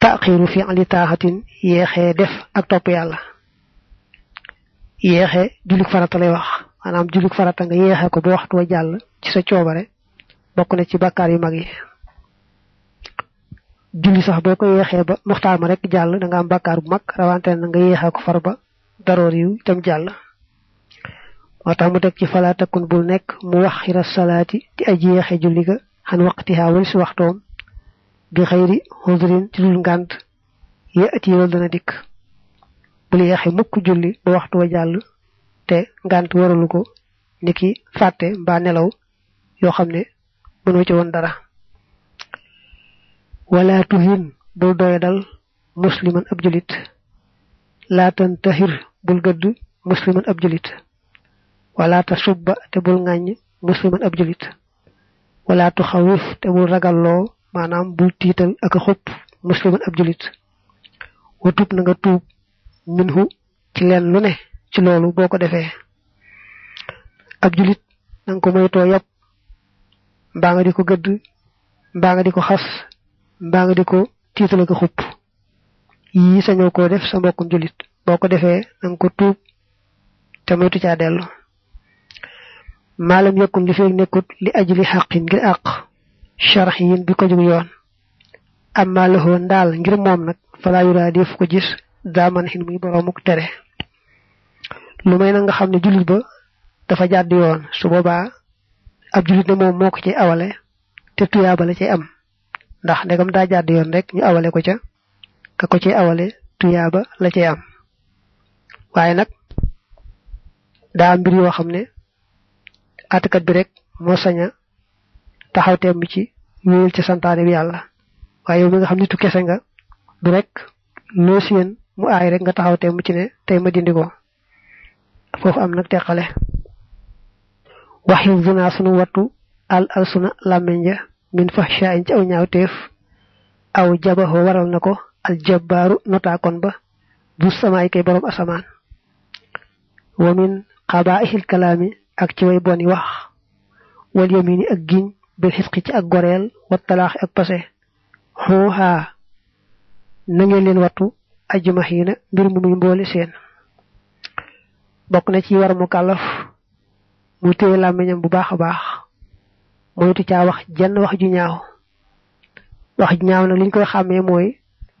taxiru fi ali taaxatin yéexee def ak topp yàlla yéexe jullik farata lay wax maanaam jullik farata nga yéexe ko ba waxtu wa jàll ci sa coobare bokk na ci bakkaar yu mag yi julli sax boo ko yéexee ba muxtaar ma rek jàll danga am bàkkaar bu mag rawante na nga yéexee ko far ba daroor yu tam jàll moo tax mu teg ci falaa takkun bul nekk mu wax xira salaati di aji yéexe julli ga xan waqtihaa walis waxtoom bi xayri xudrin ci dul ngànt yati loolu dana dikk bul yeexe mukk julli ba waxtu wa jàll te ngànt waralu ko niki fàtte mbaa nelaw yoo xam ne mënoo ci woon dara wala tuhin bul doyadal musliman ab julit laa tantaxir bul gëdd musliman ab julit wala te bul ŋàññ ab julit wala tu xawif te bul ragalloo maanaam bul tiital ak a musliman ab julit watub na nga tuub minhu ci leen lu ne ci loolu boo ko defee ab julit na nga ko moytoo yàpp mbaa nga di ko gëdd mbaa nga di ko xas mbaa nga di ko tiital ak a xëpp yii sañoo koo def sa mbokkum julit boo ko defee na ko tuub te moytu caa dellu maalam yokkum li feeg nekkut li ajli xaqin ngir àq sharax yin bi ko jug yoon amma loxoo ndaal ngir moom nag falaa yuraa def ko gis daaman xin muy boroomuk tere lu may na nga xam ne jullit ba dafa jàdd yoon su boobaa ab jullit ne moom moo ko ci awale te tuyaabale ci am ndax ndegam daa jàdd yoon rek ñu awale ko ca ka ko ci awale tuyaaba la cay am waaye nag daa am mbir xam ne àttekat bi rek moo saña taxaw temb ci wéyal ci santaane bi yàlla waaye yow mi nga xam nitu kese nga du rek noo mu aay rek nga taxaw temb ci ne tey ma dindi ko foofu am nag teqale waxi zina sunu wattu al al suna làmmiñ ja min fahsha in ci aw ñaaw teef aw jabaxoo waral na ko al jabbaaru notaakon ba du samaay kay borom asamaan wa min xabaa'ihil kalaami ak ci way boni wax wal yamini ak giñ bil xisqi ci ak goreel wat ak pase xooxaa na ngeen leen wattu ajuma xiina mbir mu muy mboole seen bokk na ci war mu kàllaf mu téye làmmiñam bu baax a baax moytu caa wax ju ñaaw wax ju ñaaw nag li koy xàmmee mooy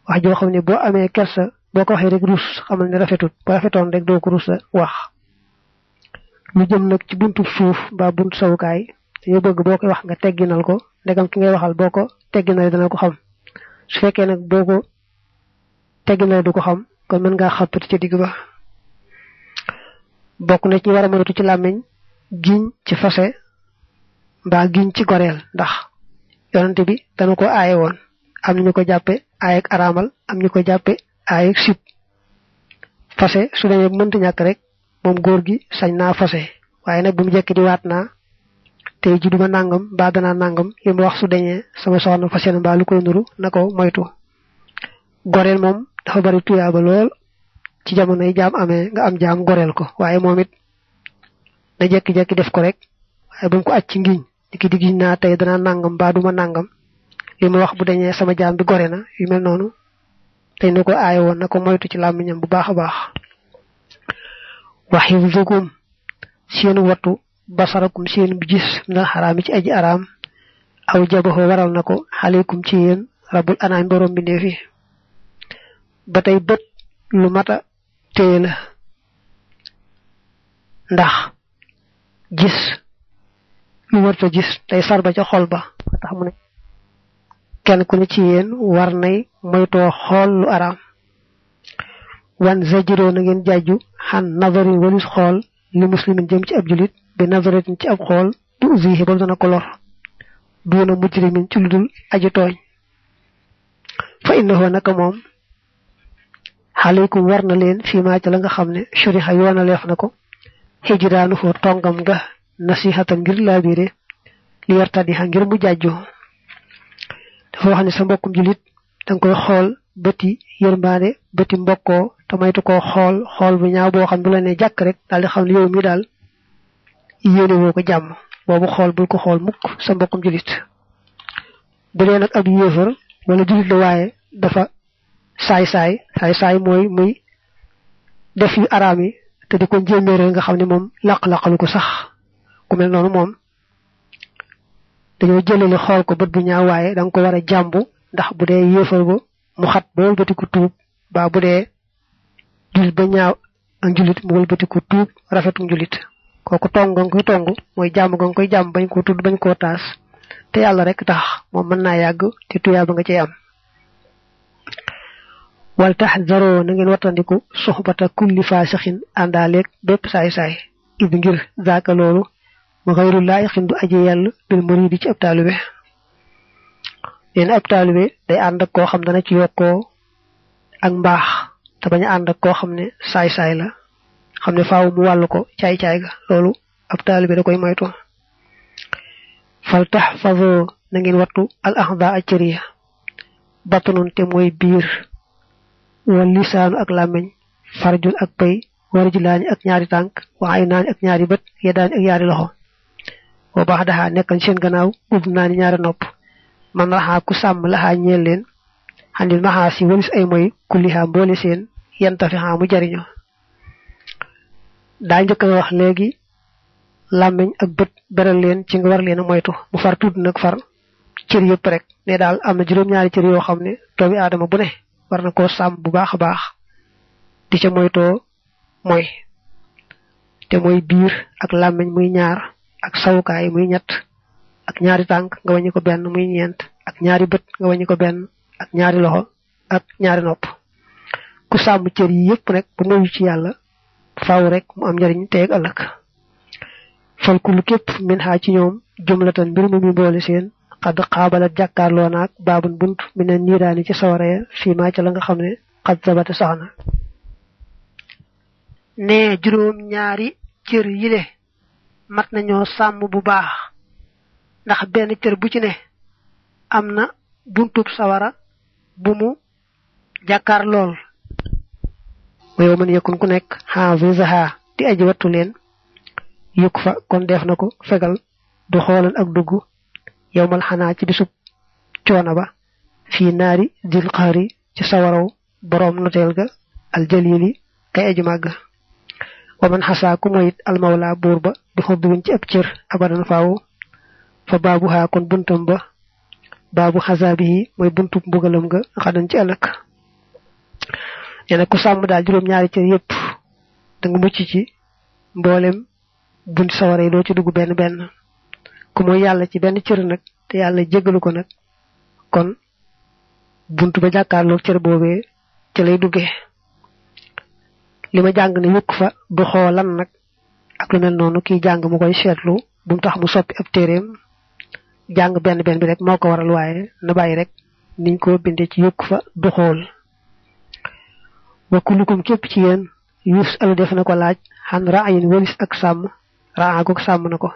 wax joo xam ne boo amee kersa boo ko waxee rek ruus xamal ne rafetut ba rafetoon rek doo ko ruus a wax lu jëm nag ci buntu suuf mbaa buntu sawukaay te yow bëgg boo koy wax nga tegginal ko ndegam ki ngay waxal boo ko tegginal dana ko xam su fekkee nag boo ko tegginal du ko xam kon mën ngaa xàppati ci digg ba bokk na ci war a ci làmmiñ giñ ci fase mbaa giñ ci goreel ndax yonante bi dana ko aaye woon am na ñu ko jàppe aayeg araamal am ñu ko jàppee aayeg sib fase su demee mënti ñàkk rek moom góor gi sañ naa fase waaye nag bu mu jekki di waat naa tey ji duma nangam mbaa danaa nangam li ma wax su deñee sama soxna fas yéene mbaa lu koy nuru na ko moytu. goreel moom dafa bari tuyaaba lool ci jamonoy jaam amee nga am jaam goreel ko waaye moom it na jekki-jekki def ko rek waaye bu mu ko acc ci ngiñ di ki diggiñ naa tey danaa nangam mbaa duma nangam li ma wax bu deñee sama jaam bi gore na yu mel noonu te nu ko aaye woon na ko moytu ci làmmiñam bu baax a baax waxi vugum seen wattu basarakum seen gis minal xaraami ci aji araam aw jabaxoo waral na ko xaleykum ci yéen rabul anaam borom bi ndee fi ba tey bët lu mata téye la ndax gis lu warta gis tey sarba ca xol ba tax mu ne kenn ku ne ci yéen war nay moytoo xool lu araam wan zajiroo na ngeen jàjju xan nazarin walis xool li muslimin jëm ci ab julit bi nazaratin ci ab xool du uvihi ba dana ko lor duuna mujrimin ci lu dul aji tooñ fa innahu naka moom xaleykum war na leen fiima ca la nga xam ne shuriha yoonaleef na ko hijraanu foo tongam nga nasihatam ngir laabire li yartadiha ngir mu jàjju dafa wax ne sa mbokkum julit danga koy xool bëti yërmaane bëti mbokkoo te maytu koo xool xool bu ñaaw boo xam bu la ne jàkk rek daal di xam ne yow mi daal yéene woo ko jàmm boobu xool bul ko xool mukk sa mbokkum julit bu dee nag ab yéefar wala julit la waaye dafa saay-saay saay-saay mooy muy def yu araam yi te di ko njéeméeral nga xam ne moom làq-làqalu ko sax ku mel noonu moom dañoo jëlale xool ko bët bu ñaaw waaye da ko war a jàmbu ndax bu dee yéefar ba mu xat ba wëlbatiku tuub baa bu dee julit ba ñaaw ak julit mu wëlbatiku tuub rafetu julit kooku tong nga koy tong mooy jàmm nga koy jàmm bañ ko tudd bañ ko taas te yàlla rek tax moom mën naa yàgg te tuyaaba nga cay am wal tax zaroo na ngeen wattandiku suxbata kulli faasixin àndaaleeg bépp saay-saay id ngir zaaka loolu ma xëyru laa du aje yàlla bil muridi ci ab taalibe nee na ab day ànd koo xam dana ci yokkoo ak mbaax te bañ a ànd koo xam ne saay-saay la xam ne faaw mu wàll ko caay-caay ga loolu ab taalibe da koy moytu fal taxfazoo na ngeen wattu al axda ak cër ya batnun te mooy biir wal lisaanu ak làmmiñ farjun ak pay warjulaani ak ñaari tànk waxay naani ak ñaari bët yeddaani ak ñaari loxo boo baax daxaa nekkal seen gannaaw ub naani ñaari nopp man raxaa ku sàmm laxaa ñeel leen xandil maxaa si walis ay mooy kullihaa mboole seen yentafi xaa mu jariñoo daa njëkk a wax léegi làmmiñ ak bët beral leen ci nga war leen a moytu mu far tudd nag far cër yëpp rek ne daal am na juróom-ñaari cër yoo xam ne doomi aadama bu ne war na koo sàmm bu baax a baax di ca moytoo mooy te mooy biir ak làmmiñ muy ñaar ak sawukaay muy ñett ak ñaari tànk nga wàññi ko benn muy ñeent ak ñaari bët nga wàññi ko benn ak ñaari loxo ak ñaari nopp ku sàmm cër yi yëpp rek bu néew ci yàlla faaw rek mu am njariñ tey ak ëllëg képp min xaa ci ñoom jumlatan mbir mu mi boole seen xadd xaabalat jàkkaarloo naag baabun bunt mi ne niiraani ci sawara ya fii maa ca la nga xam ne xad sabata sax na juróom ñaari cër yile mat nañoo sàmm bu baax ndax benn cër bu ci ne am na buntub sawara bu mu jàkkaar lool wa yow man yëkkun ku nekk xaafisaha di aji wattu leen yukk fa kon def na ko fegal du xoolan ak dugg yow mal xanaa ci disub coono ba fii naari dil xaari ci sawaraw boroom noteel ga aljalili kay aju màgg wa man xasaa ku moyit almawla buur ba di xob biwuñ ci ab cër abadan faaw fa baabu xaa baabu xasaa bi mooy buntub mbugalam ga xadan ci alak nee na ku sàmm daal juróom-ñaari cër yépp da nga mucc ci mboolem bunti sawara yi doo ci dugg benn benn ku mooy yàlla ci benn cër nag te yàlla jéggalu ko nag kon bunt ba jàkkaarloog cër boobee ca lay duggee li ma jàng ne yukk fa du xoolan nag ak lu mel noonu kii jàng mu koy seetlu bu mu tax mu soppi ab téeréem jàng benn benn bi rek moo ko waral waaye na bàyyi rek niñ ko bindee ci yukk fa du xool wa kullukum képp ci yéen yuus alu def na ko laaj xan raayin walis ak sàmm raa goog sàmm na ko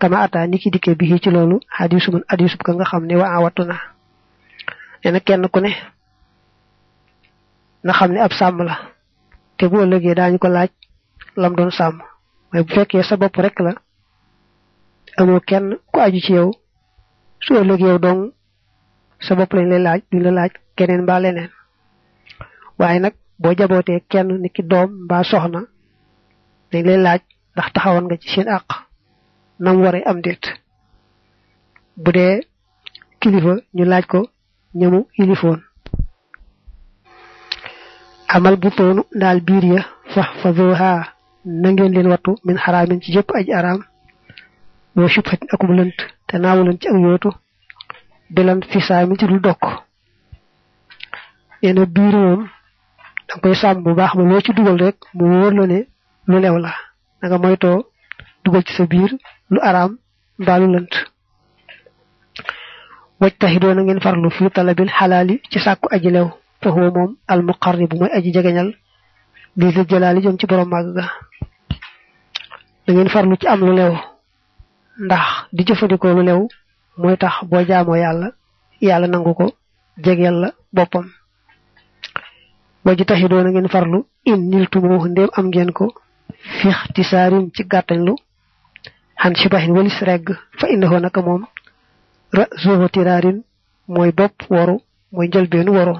kama ata ni ki dikkee ci loolu xadisu man adisu ka nga xam ne wa wattu na nee kenn ku ne na xam ne ab sàmm la te bu ëllëgee daañ ko laaj lam doon sàmm mais bu fekkee sa bopp rek la amoo kenn ku aju ci yow su ëllëgee yow dong sa lañ lay laaj duñ la laaj keneen mbaa leneen waaye nag boo jabootee kenn ni ki doom mbaa soxna dañ lay laaj ndax taxawoon nga ci ci àq nam waree am déet bu dee kilifa ñu laaj ko ñamu ilifoon amal bu toonu daal biir ya fax faduha na ngeen leen wattu min xaraamin ci jëpp aj araam boo subxatin akum lënt te naawulan ci ak yootu bilan fisaa mi ci dul dokk nee na biir moom da koy sàmm bu baax ba loo ci dugal rek mu wóor la ne lu lew la da nga moytoo dugal ci sa biir lu araam mbaa lu lënt wajtahidoo na ngeen farlu fi talabil xalaali ci sàkku aji lew fa huwa moom al muqarrib mooy aji jegeñal di jalaali jëm ci borom màgg ga da farlu ci am lu lew ndax di jëfandikoo lu lew mooy tax boo jaamoo yàlla yàlla nangu ko jegeel la boppam waju taxi doon a ngeen farlu in niltumoo ndéem am ngeen ko fixtisaarin ci gàttañlu xan sibaxin walis regg fa innahu naka moom ra zuufa tiraarin mooy bopp waru mooy njëlbeenu waru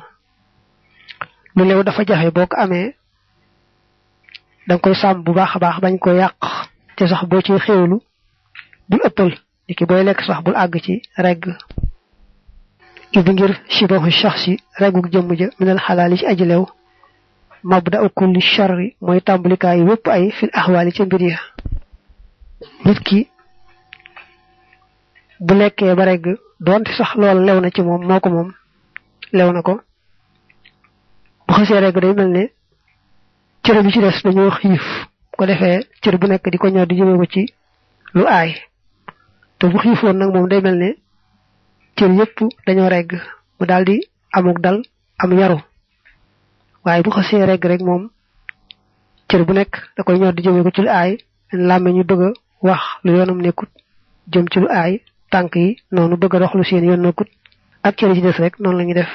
lu leew dafa jafe boo ko amee danga koy sàmm bu baax a baax bañ ko yàq te sax boo ci xéewlu bul ëppal niki booy lekk sax bul àgg ci regg ibi ngir shibahu shaxsi reguk jëmm ja minal xalaali ci aji lew mabda kulli sharri mooy tàmbalikaayu wépp ay fil axwaali ca mbir ya nit ki bu lekkee ba regg doonte sax lool lew na ci moom moo ko moom lew na ko bu xasee regg day mel ne cër bi ci des dañoo xiif ko defee cër bu nekk di ko ñor di jëmee ko ci lu aay te bu xiifoon nag moom day mel ne cër yépp dañoo regg mu daldi amuk dal am yaru waaye bu xasee regg rek moom cër bu nekk da koy ñor di jëme ko ci ñu bëgg a lu yoonam nekkut jëm ci lu aay tànk yi noonu bëgg a dox lu seen yoon nekkut ak cër yi ci des rek noonu la def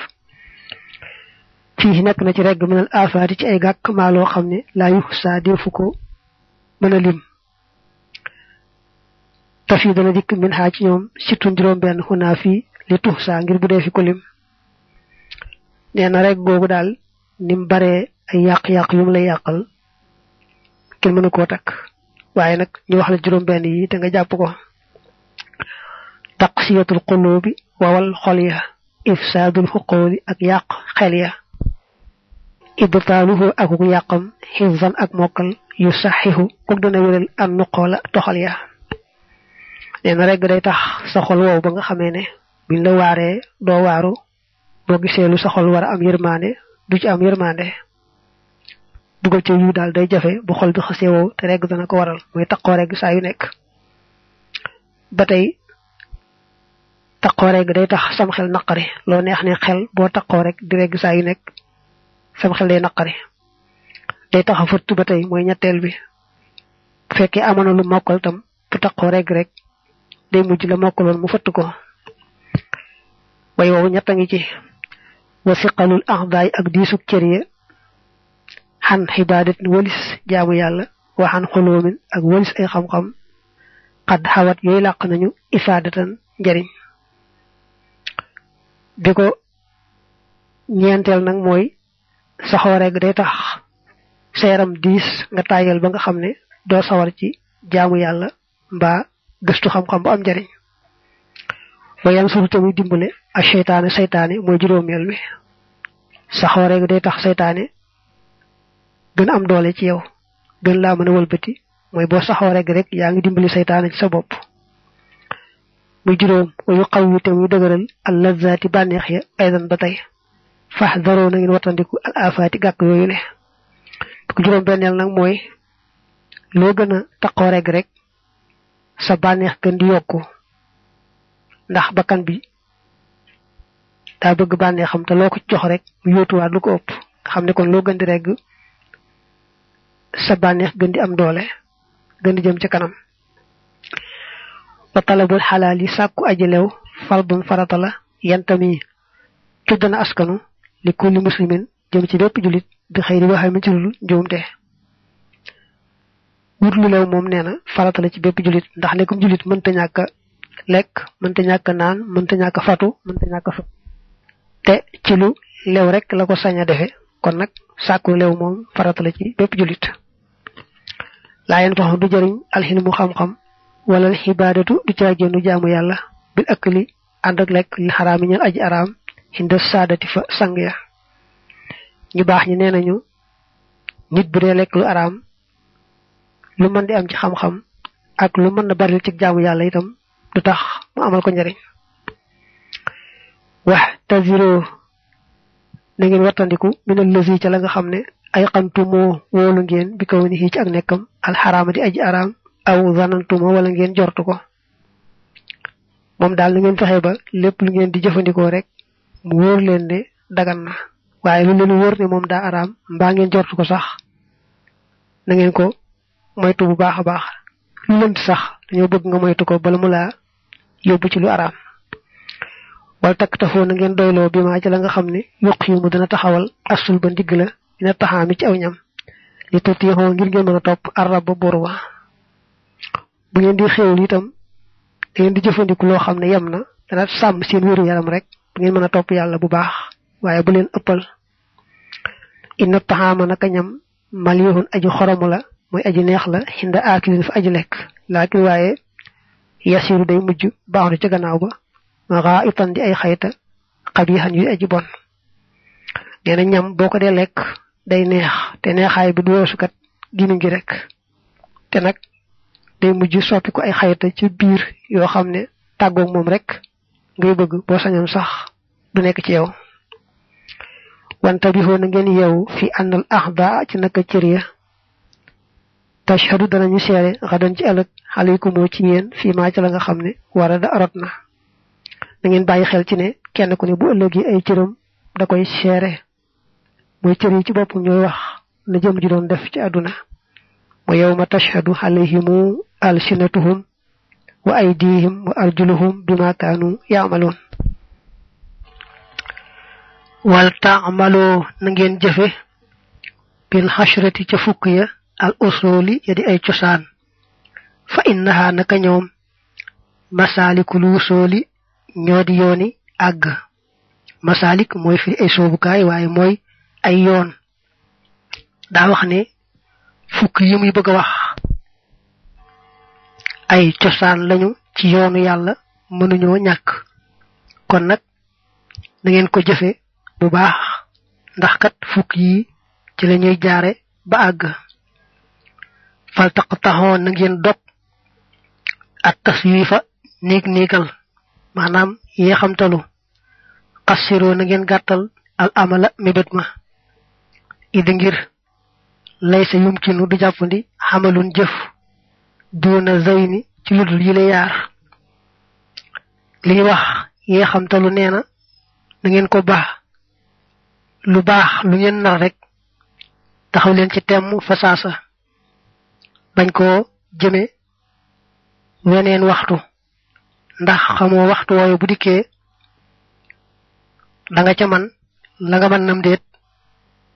fii nekk na ci regg mënal aafaati ci ay gàkk maa loo xam ne laa yu saa defu ko mën lim tafi dana dikk min xaa ci ñoom sittun juróom benn xunaa fii li tux ngir bu dee fi na rek googu daal ni mu baree ay yàq-yàq yu mu lay yàqal kenn mënu koo waaye nag ñu wax la juróom benn te nga jàpp ko taqsiyatul qulubi wawal xol ya ifsaadul xuqooli ak yàq xel ya ibtaaluhu ak yàqam xifzan ak mokkal yu saxihu kuk dana wéral an nuqoola toxal ya nee na rek day tax sa xol woow ba nga xamee ne buñ la waaree doo waaru boo gisee lu sa xol war a am yërmaande du ci am yërmaande dugal ci yu daal day jafe bu xol bi xasee wow te rek dana ko waral mooy taqoo rek saa nekk ba tey taqoo day tax sam xel naqari loo neex ne boo taqoo rek di rek saa yu sam xel day naqari day tax a fëtt ba tey mooy ñetteel bi bu fekkee amoon na lu mokkal tam bu taqoo rek rek day mujj la mokkaloon mu fatt ko way woowu ñett a ngi ci wa siqalul axdaay ak diisug cër ya xan xibaadatin walis jaamu yàlla waxan xoloomin ak walis ay xam-xam xad xawat yooyu làq nañu ifaadatan njariñ bi ko ñeenteel nag mooy saxoo rek day tax sa yaram diis nga tàyyal ba nga xam ne doo sawar ci jaamu yàlla mbaa gëstu xam-xam bu am njariñ wa yansuru te muy dimbale a seytaane seytaane mooy juróomeel bi saxoo rek day tax seytaane gën am doole ci yow gën laa mën a wëlbati mooy boo saxoo rekk rek yaa ngi dimbali seytaane ci sa bopp muy juróom wa yu xaw wi te muy dëgëral al lazzaati bànneex ya aydan ba tey fax daroo na ngeen wattandiku al afaati gàkk yooyu ne juróom benneel nag mooy loo gën a taqoo rek rek sa bànneex gën di yokku ndax bakkan bi daa bëgg xam te loo ko jox rek mu yóotuwaat lu ko ëpp nga xam ne kon loo gën di regg sa bànneex gën di am doole gën di jëm ci kanam ba talabul xalaal yi sàkku aji lew fardun farata la yantami tudd na askanu li kulli muslimin jëm ci bépp jullit bi xëy di waxee mi ci lul njuumte wut lu leew moom nee na farata la ci bépp jullit ndax nekkum jullit mënta ñàkk lekk mënta ñàkk a naan mënta ñàkk a fatu mënta ñàkk a te ci lu leew rek la ko sañ a defe kon nag sàkku leew moom farata la ci bépp jullit laayeen faxam du jëriñ alxilmu xam-xam wala xibaadatu du caagéenu jaamu yàlla bil ëkk li ànd ak lekk li xaraam yi ñeen aji araam xinda saadati fa sang ya ñu baax ñi nee nañu nit bu dee lekk lu araam lu mën di am ci xam-xam ak lu mën na bari ci jaamu yàlla itam du tax mu amal ko njariñ wax taziro na ngeen wattandiku min allazi ca la xam ne ay xantumoo woolu ngeen bi kaw ni ci ak nekkam alxaraama di aji araam aw zanantumoo wala ngeen jortu ko moom daal na ngeen fexe ba lépp lu ngeen di jëfandikoo rek mu wóor leen ne dagan na waaye lu leen wóor ne moom daa araam mbaa ngeen jortu ko sax na ngeen ko moytu bu baax a baax lu lënt sax dañoo bëgg nga moytu ko bala mu laa yóbbu ci lu araam wala takk tafoo na ngeen doyloo bi maa ci la nga xam ne yuq mu dana taxawal asul ba ndigg la dina taxaami ci aw ñam li tuuti yaxoo ngir ngeen mën a topp arab ba boru ba bu ngeen di xéewlu itam da ngeen di jëfandiku loo xam ne yem na dana sàmm seen wéru yaram rek bu ngeen mën a topp yàlla bu baax waaye bu leen ëppal inna taxaama a ñam malihun aji xoromu la mooy aji neex la xinda aakilin fa aji lekk laakin waaye yasiru day mujj baaxlu ca gannaaw ba maxaa itan di ay xayta xabixan yuy aji bon nee na ñam boo ko dee lekk day neex te neexaay bi du weesukat ginu gi rek te nag day mujj soppi ko ay xayta ci biir yoo xam ne tàggoog moom rek ngay bëgg boo sañoon sax du nekk ci yow wanta bi xoon na ngeen yeewu fi àndal axda ci naka cër ya tashhadu danañu seere xadan ci ëllëg ci yéen fii maa ci la nga xam ne wara da arot na na ngeen bàyyi xel ci ne kenn ku ne bu ëllëgee ay cëram da koy seere mooy cër ci boppam ñooy wax na jëm ji doon def ci àdduna wa yawma tashhadu alayhimu alsinatuhum wa aydihim wa arjuluhum bima kaanu yaamaluun wal taamaloo na jëfe bil xashrati ca fukk ya al usuli ya di ay cosaan fa innaha naka ñoom masaalikul usuli ñoo di yooni àgg masaalik mooy firi ay soobukaay waaye mooy ay yoon daa wax ne fukk yi muy bëgg a wax ay cosaan lañu ci yoonu yàlla mënuñoo ñàkk kon nag dangeen ko jëfe bu baax ndax kat fukk yi ci lañuy jaare ba àgg fal taqtaxoo na ngeen dog ak taswiifa néeg néegal maanaam yeexamtalu xassiroo na ngeen gàttal al amala mébét ma ida ngir laysa yumkinu du jàppandi xamalun jëf duuna zawini ci ludul yi la yaar liy wax yeexamtalu nee na na ngeen ko baax lu baax lu ngeen nar rek taxaw leen ci temm fasaasa bañ koo jëme weneen waxtu ndax xamoo waxtu wooyu bu dikkee da nga ca man la nga mën nam déet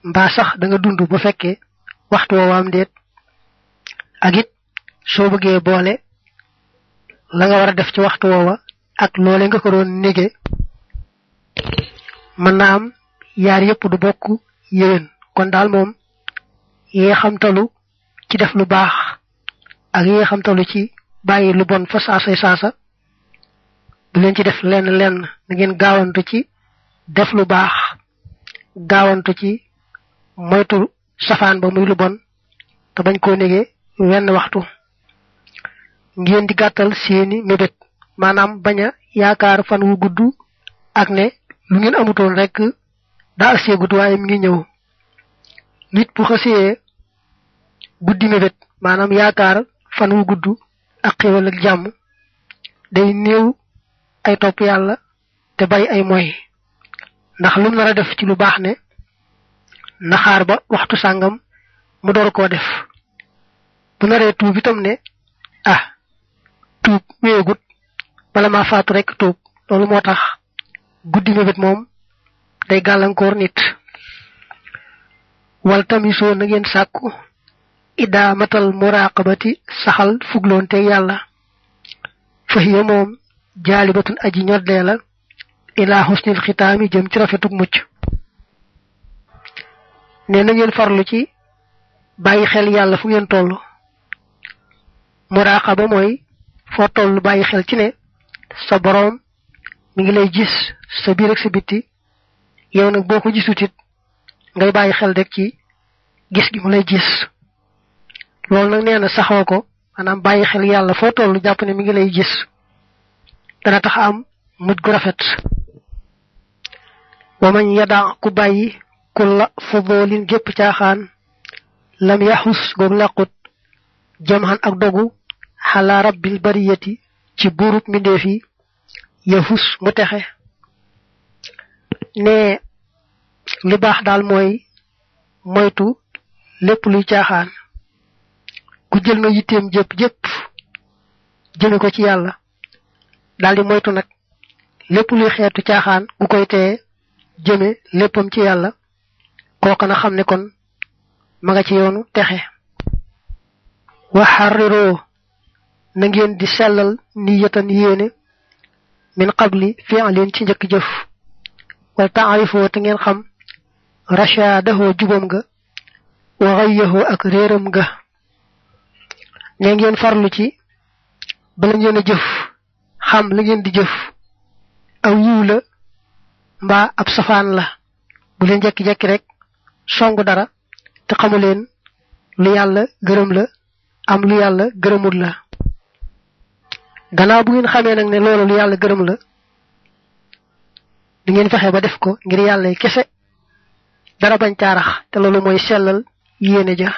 mbaa sax danga dund bu fekkee waxtu woowaam déet ak soo bëggee boole la nga def ci waxtu woowa ak loole nga ko doon nége mën na am yaar yépp du bokk yéwén kon daal moom yee xamtalu ci def lu baax ak yi nga xam toll ci bàyyi lu bon fa saasay saasa bu leen ci def lenn lenn na ngeen gaawantu ci def lu baax gaawantu ci moytu safaan ba muy lu bon te bañ koo négee wenn waxtu ngeen di gàttal seeni mébét maanaam bañ a yaakaar fan wu gudd ak ne lu ngeen amutoon rek daa agsee gudd waaye mi ngi ñëw nit bu xasee guddi mébét maanaam yaakaar fan wu gudd ak xéwal ak jàmm day néew ay topp yàlla te bari ay moy ndax lu nar def ci lu baax ne na xaar ba waxtu sàngam mu door koo def bu naree tuub itam ne ah tuub wéegut bala maa faatu rek tuub loolu moo tax guddi mébét moom day gàllankoor nit wal tamisoo na ngeen sàkku idaamatal muraqabati saxal fugloonte yàlla fahiya moom jaalibatun aji ñoddee la ilaa xusnil xitaami jëm ci rafetuk mucc nee na ngeen farlu ci bàyyi xel yàlla fu ngeen toll ba mooy foo toll bàyyi xel ci ne sa boroom mu ngi lay gis sa biir ak sa bitti yow nag boo ko gisutit ngay bàyyi xel rek ci gis gi mu lay gis loolu nag nee na saxoo ko maanaam bàyyi xel yàlla foo toll jàpp ne mi ngi lay gis dana tax am mujj gu rafet wa mañ yadaa ku bàyyi kulla fudoolin gépp caaxaan lam yaxus goog làqut jamxan ak dogu xalaa rabbil bariyati ci buurub mbindeef yi yaxus mu texe ne li baax daal mooy moytu lépp luy caaxaan ku jël na yitteem jëpp jëpp jëme ko ci yàlla daldi moytu nag lépp luy xeetu caaxaan gu koy teye jëme léppam ci yàlla kooka na xam ne kon ma nga ci yoonu texe waxariroo na ngeen di sellal niyatan yéene min qabli fi'lin ci njëkk jëf wal taarifoo te ngeen xam rashaadahoo jubam ga wa xayyahoo ak réeram ga ne ngeen farlu ci bala ngeen a jëf xam la ngeen di jëf aw yiw la mbaa ab safaan la bu leen jekki-jekki rek songu dara te xamu leen lu yàlla gërëm la am lu yàlla gërëmul la gannaaw bu ngeen xamee nag ne loolu lu yàlla gërëm la di ngeen fexe ba def ko ngir yàlla kese dara bañ caarax te loolu mooy sellal yéene ja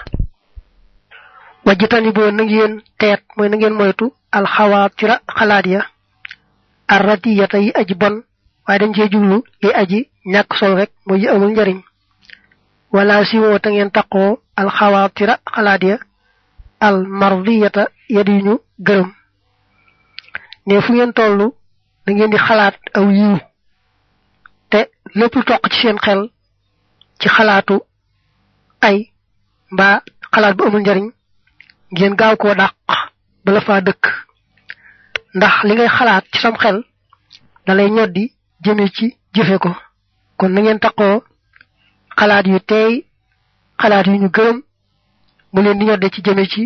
wajji tani boo na ngeen teet mooy na ngeen moytu alxawaatira xalaat ya arradiyata yi aji bon waaye dañ cee jublu yi aji ñàkk solo rek mooy yi amul njariñ wala si woo ta ngeen taqoo alxawaatira xalaat ya al mardiyata ya di ñu gërëm ne ngeen toll da di xalaat aw yiw te lépp toq ci seen xel ci xalaatu ay mbaa xalaat bu amul njariñ ngeen gaaw ko dàq bala faa dëkk ndax li ngay xalaat ci sam xel dalay ñoddi jëme ci jëfe ko kon na ngeen taqoo xalaat yu teey xalaat yu ñu gërëm mu leen di ñodde ci jëme ci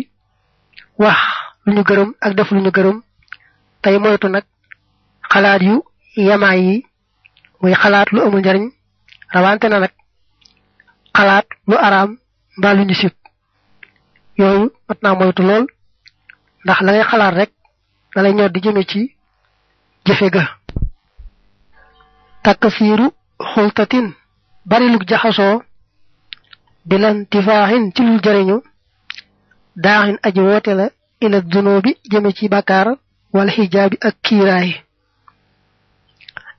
wax lu ñu gërëm ak def lu ñu gërëm tey moytu nag xalaat yu yamaay yi muy xalaat lu amul njariñ rawante na nag xalaat lu araam mbaa lu ñu sib yooyu mat naa moytu lool ndax la xalaat rek da lay ñor di jëme ci jëfe ga takkasiiru xultatin bari lug jaxasoo bilan tifaaxin ci lul jëriñu daaxin aji woote la ila dunoo bi jëme ci bàkkaar wala xijaabi ak kiiraay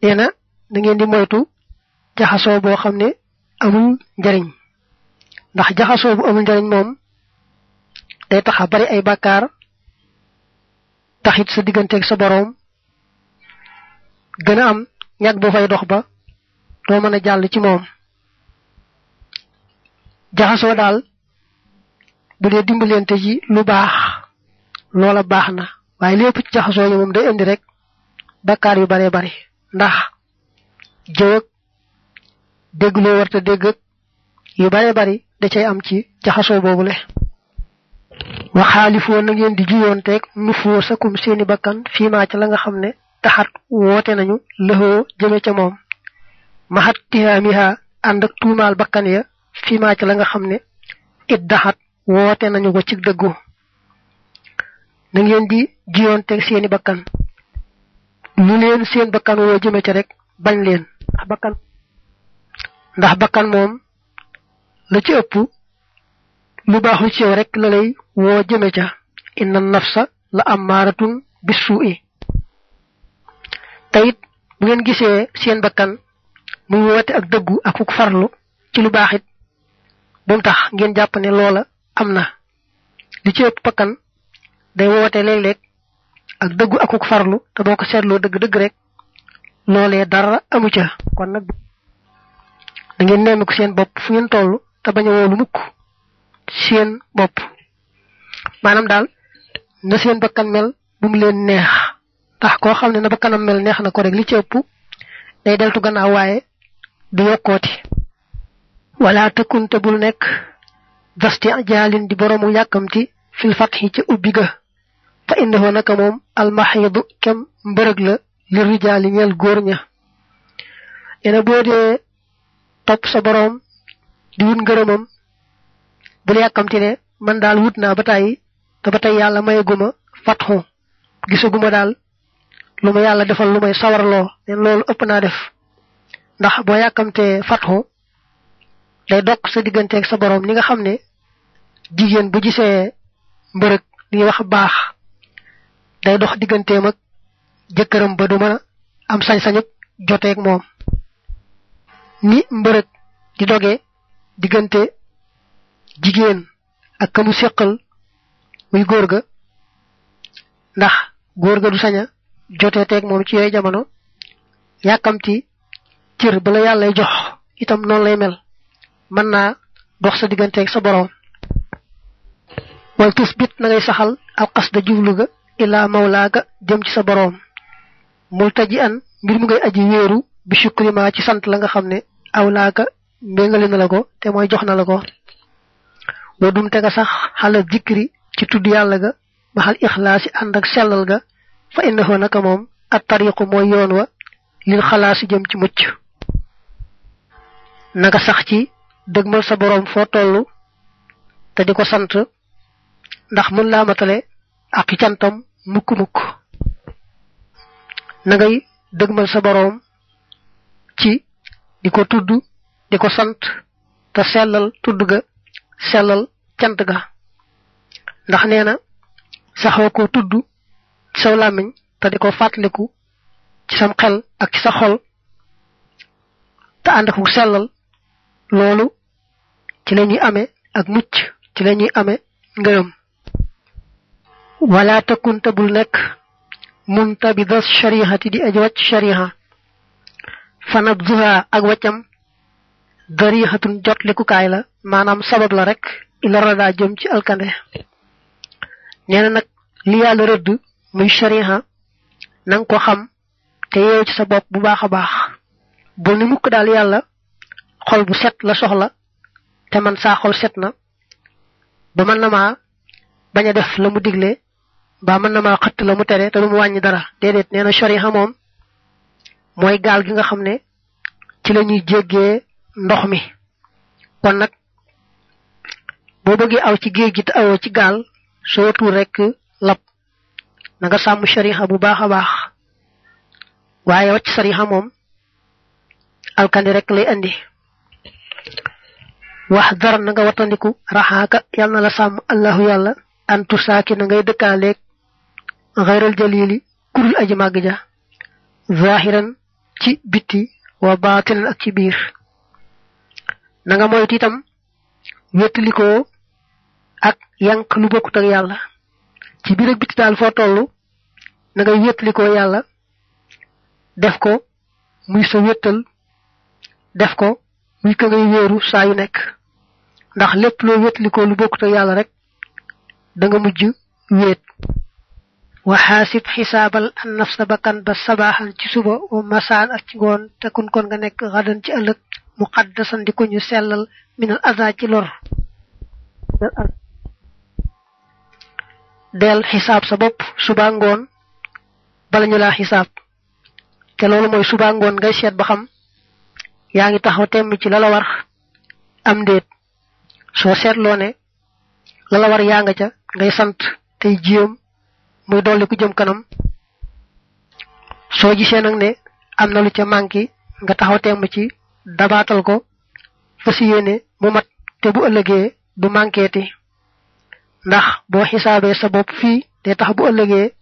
nee dangeen da ngeen di moytu jaxasoo boo xam ne amul njariñ ndax jaxasoo bu amul njariñ moom day tax a bari ay bàkkaar taxit sa digganteeg sa boroom gën a am ñag bu fay dox ba doo mën a jàll ci moom jaxasoo daal bu dee dimbalante ji lu baax loola baax na waaye lépp ci jaxasoo yi moom day indi rek bakkaar yu baree bari ndax jëw ak dégg loo warta dégg yu baree bari da cay am ci jaxasoo boobule waxaalifoo na ngeen di juyoonteeg nu foo sakum seeni bakkan fiimaa ca la nga xam ne taxat woote nañu lëxoo jëme ca moom maxat tihaamiha ànd ak tuumaal bakkan ya fiimaa ca la nga xam ne it daxat woote nañu ko ci dëggu na ngeen di juyoonteeg seeni bakkan lu leen seen bakkan woo jëme ca rek bañ leen ndax bakkan moom la ci ëpp lu baaxul ci rek la lay woo jëme ca inna sa la amaaratun bissu'i te it bu ngeen gisee seen bakkan muy woote ak dëggu ak fuk farlu ci lu baax it bu tax ngeen jàpp ne loola am na li ci ëpp bakkan day woote léeg-léeg ak dëggu ak fuk farlu te boo ko seetloo dëgg-dëgg rek loolee dara amu ca kon nag da ngeen nemmiku seen bopp fu ngeen toll te bañ woo lu mukk seen bopp maanaam daal na seen bakkan mel bu leen neex ndax koo xam ne na bakkanam mel neex na ko rek li ci ëpp day deltu gannaaw waaye du yokkooti wala tëkkunte bul nekk dasti jaalin di boroomu yàkkamti fil fatxi ci ubbi ga fa indahu moom almaxiidu kem mbërëg la li rijaali ñeel góor ña ena boo topp sa boroom di wut ngërëmam bul yàkkamti ne man daal wut naa ba tàyyi te ba tey yàlla mayaguma fatxu gisaguma daal lu ma yàlla defal lu may sawarloo leen loolu ëpp naa def ndax boo yàkkamtee fatxu day dokk sa digganteeg sa borom ni nga xam ne jigéen bu gisee mbërëg li wax baax day dox digganteem ak jëkkëram ba du am sañ-sañu joteeg moom ni mbërëg di dogee diggante jigéen ak ka mu muy góor ga ndax góor ga du sañ a jotee teeg moom ci yooyu jamono yàkkamti cër bala yàllay jox itam noonu lay mel mën naa dox sa digganteeg sa boroom wal tusbit na ngay saxal alxasda jublu ga ilaa mawlaa ga jëm ci sa boroom mul taji an mbir mu ngay aji wéeru bi sukkurima ci sant la nga xam ne awlaa ga méngale na la ko te mooy jox na la ko doo dum nga sax xala zikri ci tudd yàlla ga maxal ixlaasi ànd ak sellal ga fa innahu naka moom at tariqu mooy yoon wa lil xalaasi jëm ci mucc nanga sax ci dëgmal sa boroom foo toll te di ko sant ndax mën laa matale ak cantam mukk-mukk na ngay sa boroom ci di ko tudd di ko sant te sellal tudd ga sellal cant ga ndax nee na saxoo ko tudd ci saw làmmiñ te di ko fàttaliku ci sam xel ak ci sa xol te ànd ko sellal loolu ci la ñuy amee ak mucc ci la ame amee ngërëm wala takkunte bul nekk muntabida sharihati di aj wàcc shariha fanab duha ak waccam darixatun jot likukaay la maanaam sabab la rek ila rada jëm ci alkande nee nag li yàlla rëdd muy shariha na nga ko xam te yeew ci sa bopp bu baax a baax bu ni mukk daal yàlla xol bu set la soxla te man saa xol set na ba mën na maa bañ a def la mu digle ba mën na maa xëtt la mu tere te du mu wàññi dara déedéet nee na shariha moom mooy gaal gi nga xam ne ci la ñuy ndox mi kon nag boo bëggee aw ci géej gi te awoo ci gaal soo tuur rek lab na nga sàmm sarixa bu baax a baax waaye wàcc sarixa moom alkandi rek lay indi wax dara na nga watandiku raxaaka yàlla la sàmm allahu yàlla antu saaki na ngay dëkkaaleeg xayral jalili kurul aji màgg ja zahiran ci bitti wa baatinan ak ci biir na nga moytu itam wéttalikoo ak yank lu bokkut ak yàlla ci biir ak biti daal foo toll na ngay wéttalikoo yàlla def ko muy sa wéttal def ko muy ka ngay wéeru saa yu nekk ndax lépp loo wéttalikoo lu bokkut ak yàlla rek danga nga mujj wéet wa xaasib xisaabal an sa bakkan ba sabaaxan ci suba wa masaan ak ci ngoon te kun kon nga nekk xadan ci ëllëg muqaddasan di ko ñu sellal minal aza ci lor del xisaab sa bopp suba ngoon bala ñu laa xisaab te loolu mooy suba ngoon ngay seet ba xam yaa ngi taxaw temm ci la war am ndéet soo seetloo ne la war yaa nga ca ngay sant tey jiyam muy dolli ku jëm kanam soo gisee nag ne am na lu ca manqué nga taxaw temm ci dabaatal ko fas mu mat te bu ëllëgee du manqueeti ndax boo xisaabee sa bopp fii day tax bu ëllëgee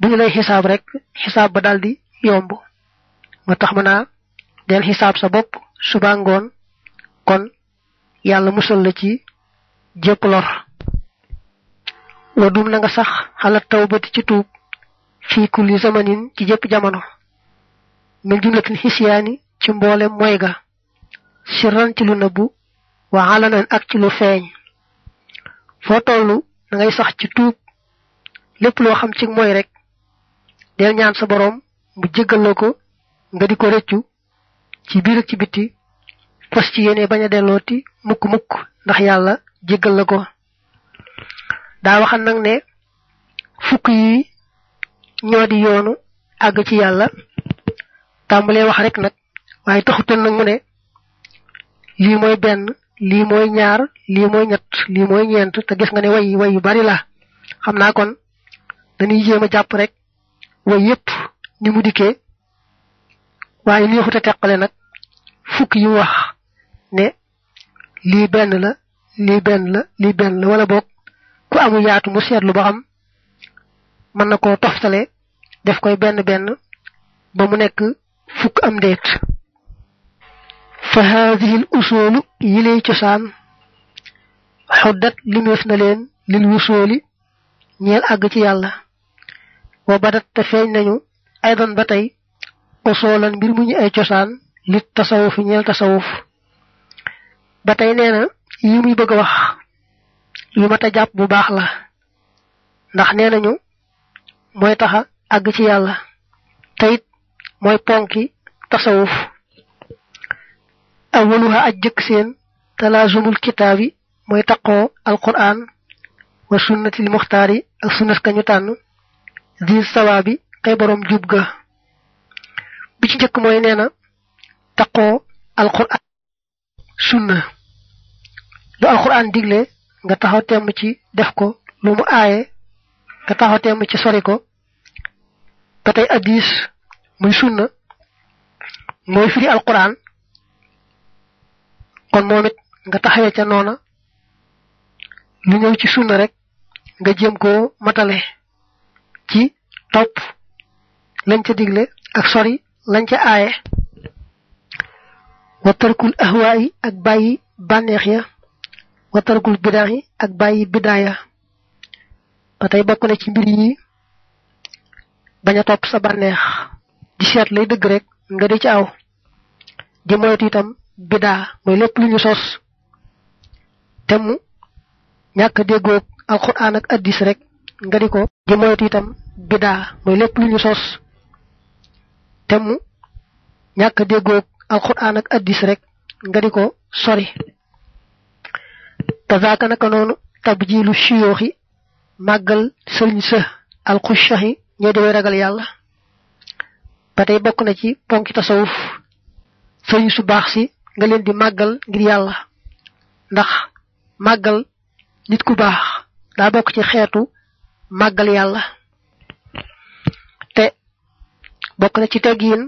bu ñu lay xisaab rek xisaab ba daal di yomb moo tax mën naa del xisaab sa bopp suba ngoon kon yàlla musal la ci jépp lor wa dum na nga sax xalaat tawbati ci tuub fii kulli zamanin ci jépp jamono min jumlatin xisyaani ci mboole moy ga sirran ci lu nëbbu wa alanan ak ci lu feeñ foo tollu da sax ci tuub lépp loo xam ci mooy rek del ñaan sa boroom mu jéggal la ko nga di ko rëccu ci biir ak ci bitti fas ci yéene bañ dellooti mukk mukk ndax yàlla jéggal la ko daa waxal nag ne fukk yi ñoo di yoonu àgg ci yàlla tàmbalee wax rek nag waaye taxutal nag mu ne lii mooy benn lii mooy ñaar lii mooy ñett te gis nga ne way way bari la xam naa kon dañuy jéem a jàpp rek way yépp ni mu dikkee waaye yu xute teqale nag fukk yi wax ne lii benn la lii benn la lii benn la wala boog ku amul yaatu mu seetlu ba xam mën na koo toftale def koy benn benn ba mu nekk fukk am déet fa haadihi usulu yi cosaan xuddat limeef na leen lil wusooli ñeel àgg ci yàlla wa badat te feeñ nañu aydan ba tey usoolan mbir mu ñu ay cosaan lit tasawuf ñeel tasawuf ba tey nee na yi muy bëgg a wax yu mat jàpp bu baax la ndax nee nañu mooy taxa àgg ci yàlla te it mooy ponki tasawuf awaluha aj jëkk seen talaasumul kitaab yi mooy taqoo alquran wa sunnatil muxtaar yi ak sunnas ka ñu tànn di sawaabi kay boroom jub ga bi ci njëkk mooy nee na taqoo alquran sunna lu alquran digle nga taxaw temm ci def ko lu mu aaye nga taxaw temm ci sori ko ba tey addis muy sunna mooy firi alquran kon moom it nga taxawee ca noona lu ñëw ci sunna rek nga jëm koo matale ci topp lañ ca digle ak sori lañ ca aaye wa tarkul ahwaa ak bàyyi bànneex ya wa tarkul bidaa yi ak bàyyi bidaa ya ba tey bokk na ci mbir yi bañ a topp sa bànneex di seet lay dëgg rek nga di ci aw di moytu itam bidaa mooy lépp lu ñu sos te mu ñàkk déggoo alxuraan ak addis rek nga di ko di moytu itam bidaa mooy lépp lu ñu sos te mu ñàkk déggoo alxuraan ak addis rek nga di ko sori kazaaka naka noonu tabjiilu siyooxi màggal sëriñ sa alxushaxi ñoo dewee ragal yàlla ba tey bokk na ci ponki tasawuf sëriñ su baax si nga leen di màggal ngir yàlla ndax màggal nit ku baax daa bokk ci xeetu màggal yàlla te bokk na ci teggiin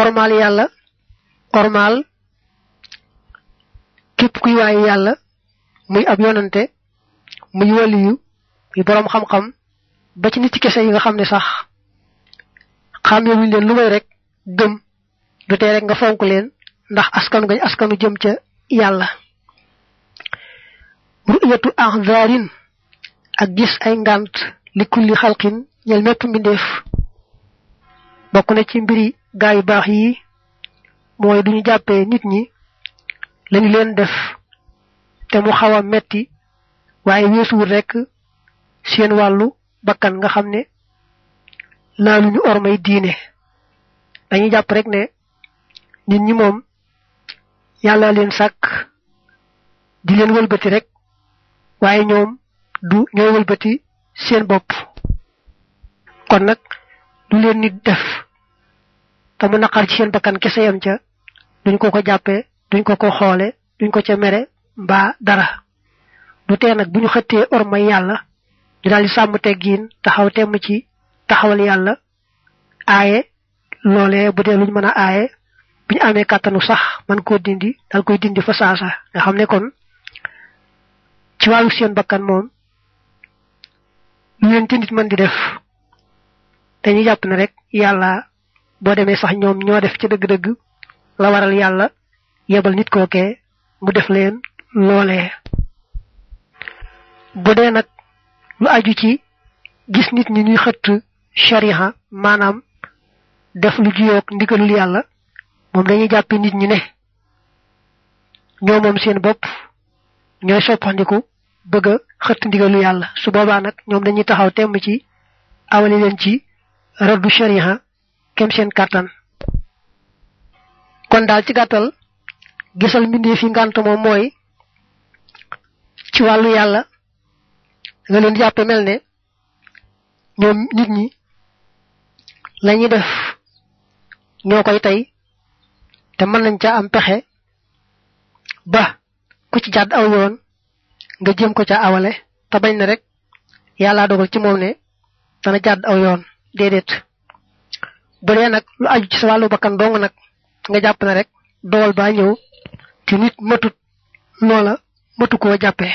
ormaal yàlla ormaal képp kuy waayu yàlla muy ab yonante muy waliyu muy boroom xam-xam ba ci nit ci kese yi nga xam ne sax xam yowuñu leen lu may rek gëm du tee nga fonk leen ndax askanu ngañ askanu jëm ca yàlla ru'yatu ahdarin ak gis ay ngànt li kulli xalqin ñel mépp mbindeef bokk na ci mbiri gaa yu baax yi mooy duñu jàppee nit ñi lañu leen def te mu xaw metti waaye weesuwul rekk seen wàllu bakkan nga xam ne laaluñu ormay diine dañuy jàpp rek ne nit ñi moom yàlla leen sàkk di leen wëlbati rek waaye ñoom du ñooy wëlbati seen bopp kon nag lu leen nit def te naqar ci seen bakkan kese yam ca duñ ko ko jàppee duñ ko ko xoole duñ ko ca mere mbaa dara du tee nag bu ñu xëttee ormay yàlla ñu daal di sàmm teggiin taxaw temm ci taxawal yàlla aaye loolee bu dee luñ mën a aaye bu ñu amee kàttanu sax man koo dindi dal koy dindi fa saasa nga xam ne ci wàllu seen bakkan moom lu leen ci nit mën di def dañuy jàpp ne rek yàlla boo demee sax ñoom ñoo def ci dëgg-dëgg la waral yàlla yebal nit kookee mu def leen loolee bu dee nag lu aju ci gis nit ñi ñuy xëtt shariha maanaam def lu juyoog ndigalul yàlla moom dañuy jàppi nit ñi ne ñoo moom seen bopp ñooy soppandiku bëgg xëtt ndigalu yàlla su boobaa nag ñoom dañuy taxaw temm ci awali leen ci raddu shariha kem seen kàttan kon daal ci gàttal gisal mbindee fi moom mooy ci wàllu yàlla nga leen jàppe mel ne ñoom nit ñi lañuy def ñoo koy tey te mën nañ caa am pexe ba ku ci jàdd aw yoon nga jëm ko ca awale te bañ na rek yàlla dogal ci moom ne dana jàdd aw yoon déedéet bu dee nag lu aju ci sa wàllu bakkan dong nag nga jàpp ne rek dogal ba ñëw te nit matut loola matu koo jàppee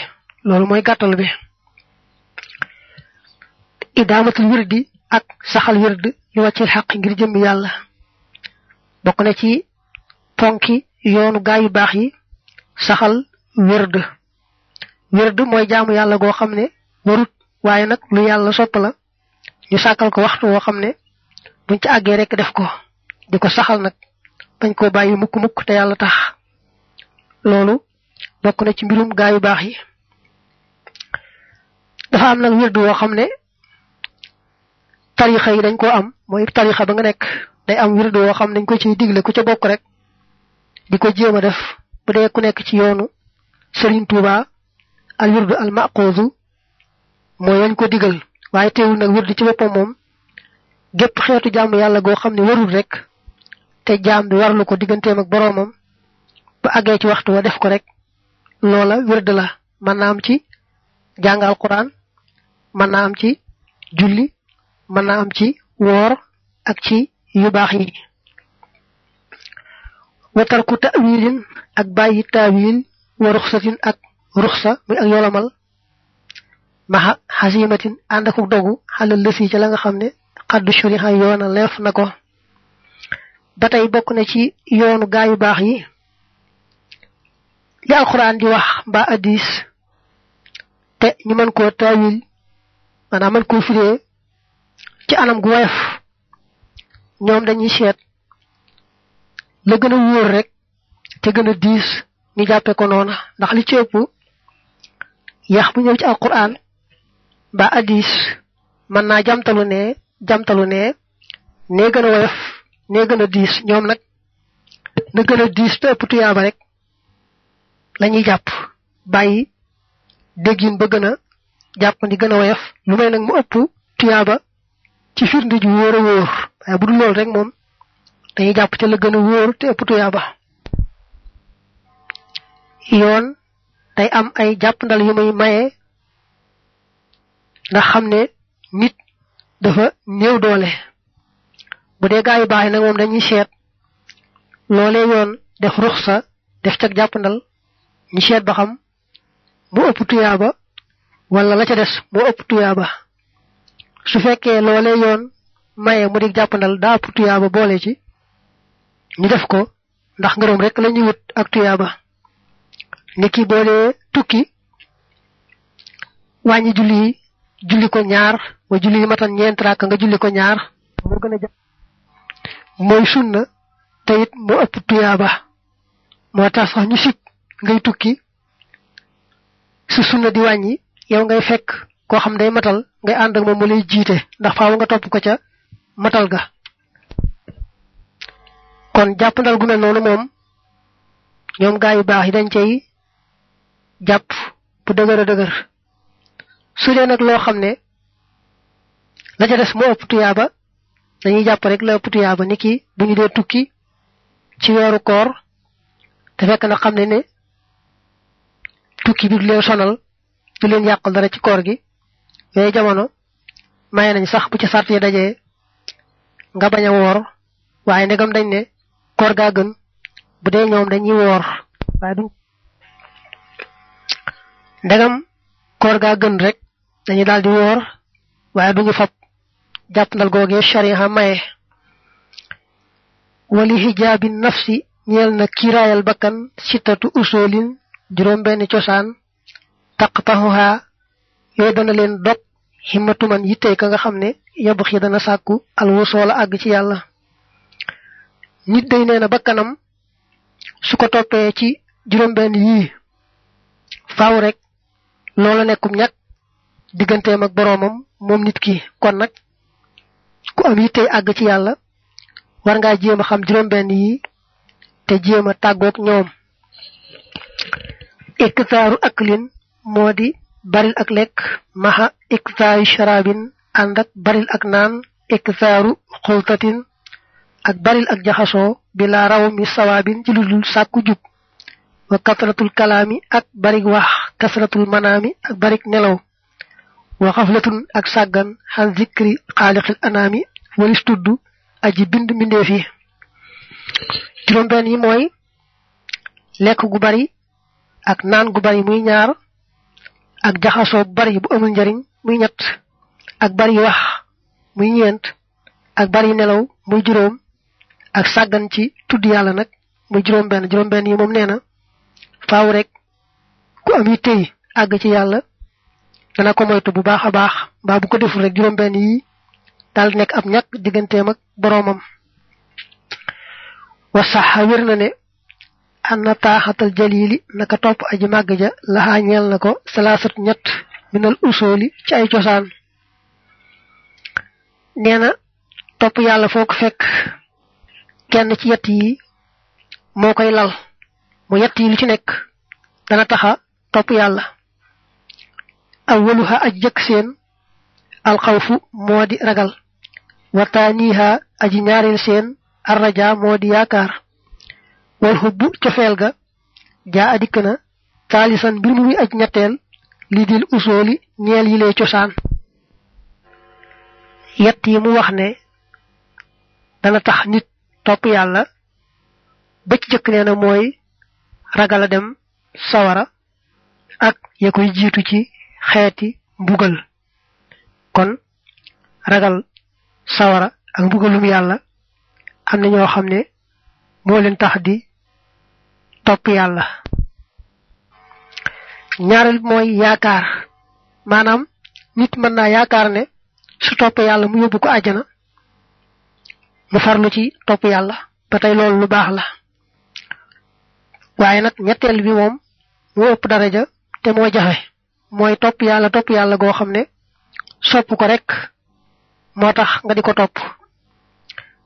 loolu mooy gàttal bi idaamatul wirdi ak saxal wird li wàccil xaq ngir jëmbi yàlla bokk na ci ponki yoonu gaa yu baax yi saxal wërd wërd mooy jaamu yàlla goo xam ne warut waaye nag lu yàlla sopp la ñu sàkkal ko waxtu woo xam ne buñ ci àggee rek def ko di ko saxal nag bañ koo bàyyi mukk mukk te yàlla tax loolu bokk na ci mbirum gaa yu baax yi dafa am nag wërd woo xam ne tarixa yi dañ koo am mooy tarixa ba nga nekk day am wërd woo xam ne dañ ko ci digle ku ca bokk rek di ko jéem a def bu dee ku nekk ci yoonu Serigne Touba al wirdu al maquudu mooy wañ ko digal waaye teewul nag wirdu ci boppam moom gépp xeetu jaamu yàlla goo xam ne warul rek te jaam bi warlu ko digganteem ak boroomam bu àggee ci waxtu wa def ko rek loola wird la mën na am ci jàngal alquran mën na am ci julli mën na am ci woor ak ci yu baax yi wa ak bàyyi taawil wa ruxsatin ak ruxsa muy ak yolomal maxa xasimatin ci la xam ne xaddu shuriha na ko ba tey bokk na ci yoonu gaayu baax yi li alxuraan di wax mbaa addis te ñu mën ko taawil maanaam mën koo firee ci anam gu woyof ñoom dañuy seet la gën wóor rek te gën a diis ñu jàppe ko noona ndax li ci ëpp yax bu ñëw ci alquran ba hadis mën naa jamtalu ne jamtalu ne nee gën a woyof nee gën a diis ñoom nag na gën a diis te tuyaaba rek lañuy jàpp bàyyi déggin ba gën a jàpp ndi gën a lu may mu ëpp tuyaaba ci firnde ju wóor wóor waaye bu dul loolu rek moom dañuy jàpp ci la gën a wóor te ëpp tuyaaba yoon day am ay jàpp ndal yu muy maye ndax xam ne nit dafa néew doole bu dee gaa yu baax yi nag moom dañuy seet loolee yoon def ruxsa def cag jàpp ndal ñu seet ba xam mu ëpp tuyaaba wala la ca des moo ëpp tuyaaba su fekkee loolee yoon maye mu di jàpp ndal daa ëpp tuyaaba boole ci ñu def ko ndax ngërëm rek la wut ak tuyaaba niki boo dee tukki wàññi julli julli ko ñaar wa nga julli ko ñaar moo gën a jàpp mooy sunna te it ëpp tuyaaba moo tax sax ñu sib ngay tukki su sunna di wàññi yow ngay fekk koo xam day matal ngay ànd ak moom mu lay jiite ndax faaw nga topp ko ca matal ga kon jàpp gu mel noonu moom ñoom gaa yu baax yi dañ cey jàpp bu dëgër a dëgër su dee nag loo xam ne la ca des moo ëpp tuyaaba dañuy jàpp rek la ëpp tuyaaba ni ki bu ñu dee tukki ci weeru koor te na xam ne ne tukki bi du leen sonal du leen yàqal dara ci koor gi yooyu jamono maye nañ sax bu ci sart yi dajee nga bañ a woor waaye ndegam dañ ne koor gaa gën bu dee ñoom dañuy woor ndegam koor gaa gën rek dañuy daal di woor waaye duñu fab jàpp ndal googee shariha maye wali hijaabi nafsi ñeel na kiiraayal bakkan sittatu usoolin juróom benn cosaan taqtaxuha yooyu dana leen dog himmatuman yittey ka nga xam ne yobb xi dana sàkku alwusoola àgg ci yàlla nit day nee na bakkanam su ko toppee ci juróom-benn yii faaw rek loola nekkum ñàkk digganteem ak boroomam moom nit ki kon nag ku am yittey àgg ci yàlla war ngaa jéem xam juróom-benn yi te jéem a tàggoog ñoom iktaaru aklin moo di baril ak lekk maxa iktaaru sharabin ànd ak baril ak naan iktaaru xultatin ak baril ak jaxasoo bi laa raw mi sawaabin ci lu sàkku jub wa kasratul kalaami ak barig wax kasratul manaami ak barig nelaw wa xaflatun ak sàggan xan zikri xaaliqil anaami walis tudd aji bind mbindeef juróom benn yi mooy lekk gu bari ak naan gu bari muy ñaar ak jaxasoo bu bari bu amul njariñ muy ñett ak bari wax muy ñeent ak bari nelaw muy juróom ak sàggan ci tudd yàlla nag muy juróom-benn juróom-benn yi moom neena na faaw rek ku am yi àgg ci yàlla dana ko moytu bu baax a baax mbaa bu ko deful rek juróom-benn yi daal nekk ab ñàkk digganteem ak boroomam wa saxa wér na ne anna taaxatal jalili naka topp aji màgg ja laxaa ñeel na ko salaasat ñett minal usooli ci ay cosaan nee na topp yàlla foo ko fekk kenn ci yett yi moo koy lal mu yett lu ci nekk dana taxa topp yàlla awwaluha aj jëkk seen alxawfu moo di ragal wataaniha aji ñaareel seen arraja moo di wal hubbu cofeel ga jaa adikk na taalisan mbir mu muy aj ñetteel li dil ñeel yi cosaan yett mu wax ne dana tax nit topp yàlla ba ci jëkk nee na mooy ragal a dem sawara ak ya koy jiitu ci xeeti mbugal kon ragal sawara ak mbugalum yàlla am na ñoo xam ne moo leen tax di topp yàlla ñaareel mooy yaakaar maanaam nit mën naa yaakaar ne topp yàlla mu yóbbu ko àjjana mu farlu ci topp yàlla ba tey loolu lu baax la waaye nag ñetteel bi moom moo ëpp ja te moo joxe mooy topp yàlla topp yàlla goo xam ne sopp ko rek moo tax nga di ko topp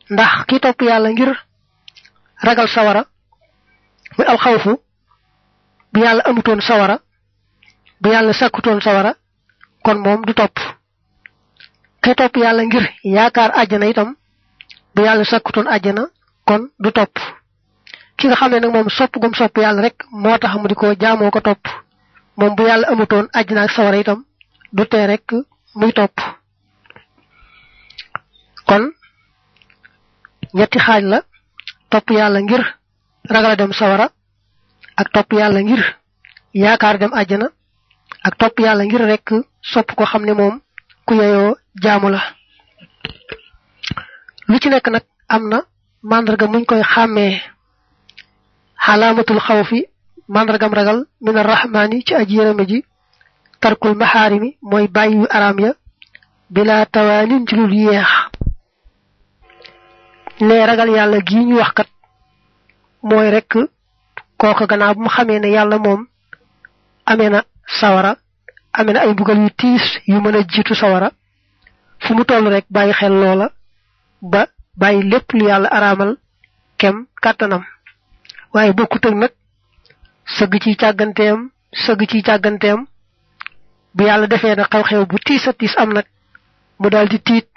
ndax ki topp yàlla ngir ragal sawara muy al xawfu bu yàlla amutoon sawara bu yàlla sàkkutoon sawara kon moom du topp ke topp yàlla ngir yaakaar àjjana itam bu yàlla sakkutoon àjjana kon du topp ki nga xam ne nag moom sopp gum sopp yàlla rek moo tax mu di ko jaamoo ko topp moom bu yàlla amutoon àjjana ak sawara itam du tee rek muy topp kon ñetti xaaj la topp yàlla ngir ragala dem sawara ak topp yàlla ngir yaakaar dem àjjana ak topp yàlla ngir rekk sopp ko xam ne moom ku yeyoo jaamu la lu ci nekk nag am na màndarga muñ koy xàmmee xalaamatul xaw fi màndargam ragal min arrahmaani ci aji yërëme ji tarkul maxaarimi mooy bàyyi yu araam ya bila tawaalin ci lul yeex lee ragal yàlla gii ñu wax kat mooy rekk kooka gannaaw bu mu xamee ne yàlla moom amee na sawara amee na ay mbugal yu tiis yu mën a jiitu sawara fu mu toll rek bàyyi xel loola ba bàyyi lépp lu yàlla araamal kem kàttanam waaye bokkut ak nag sëgg ci càgganteem sëgg ci càgganteem bu yàlla defee na xew-xew bu tiis a tiis am nag mu daal di tiit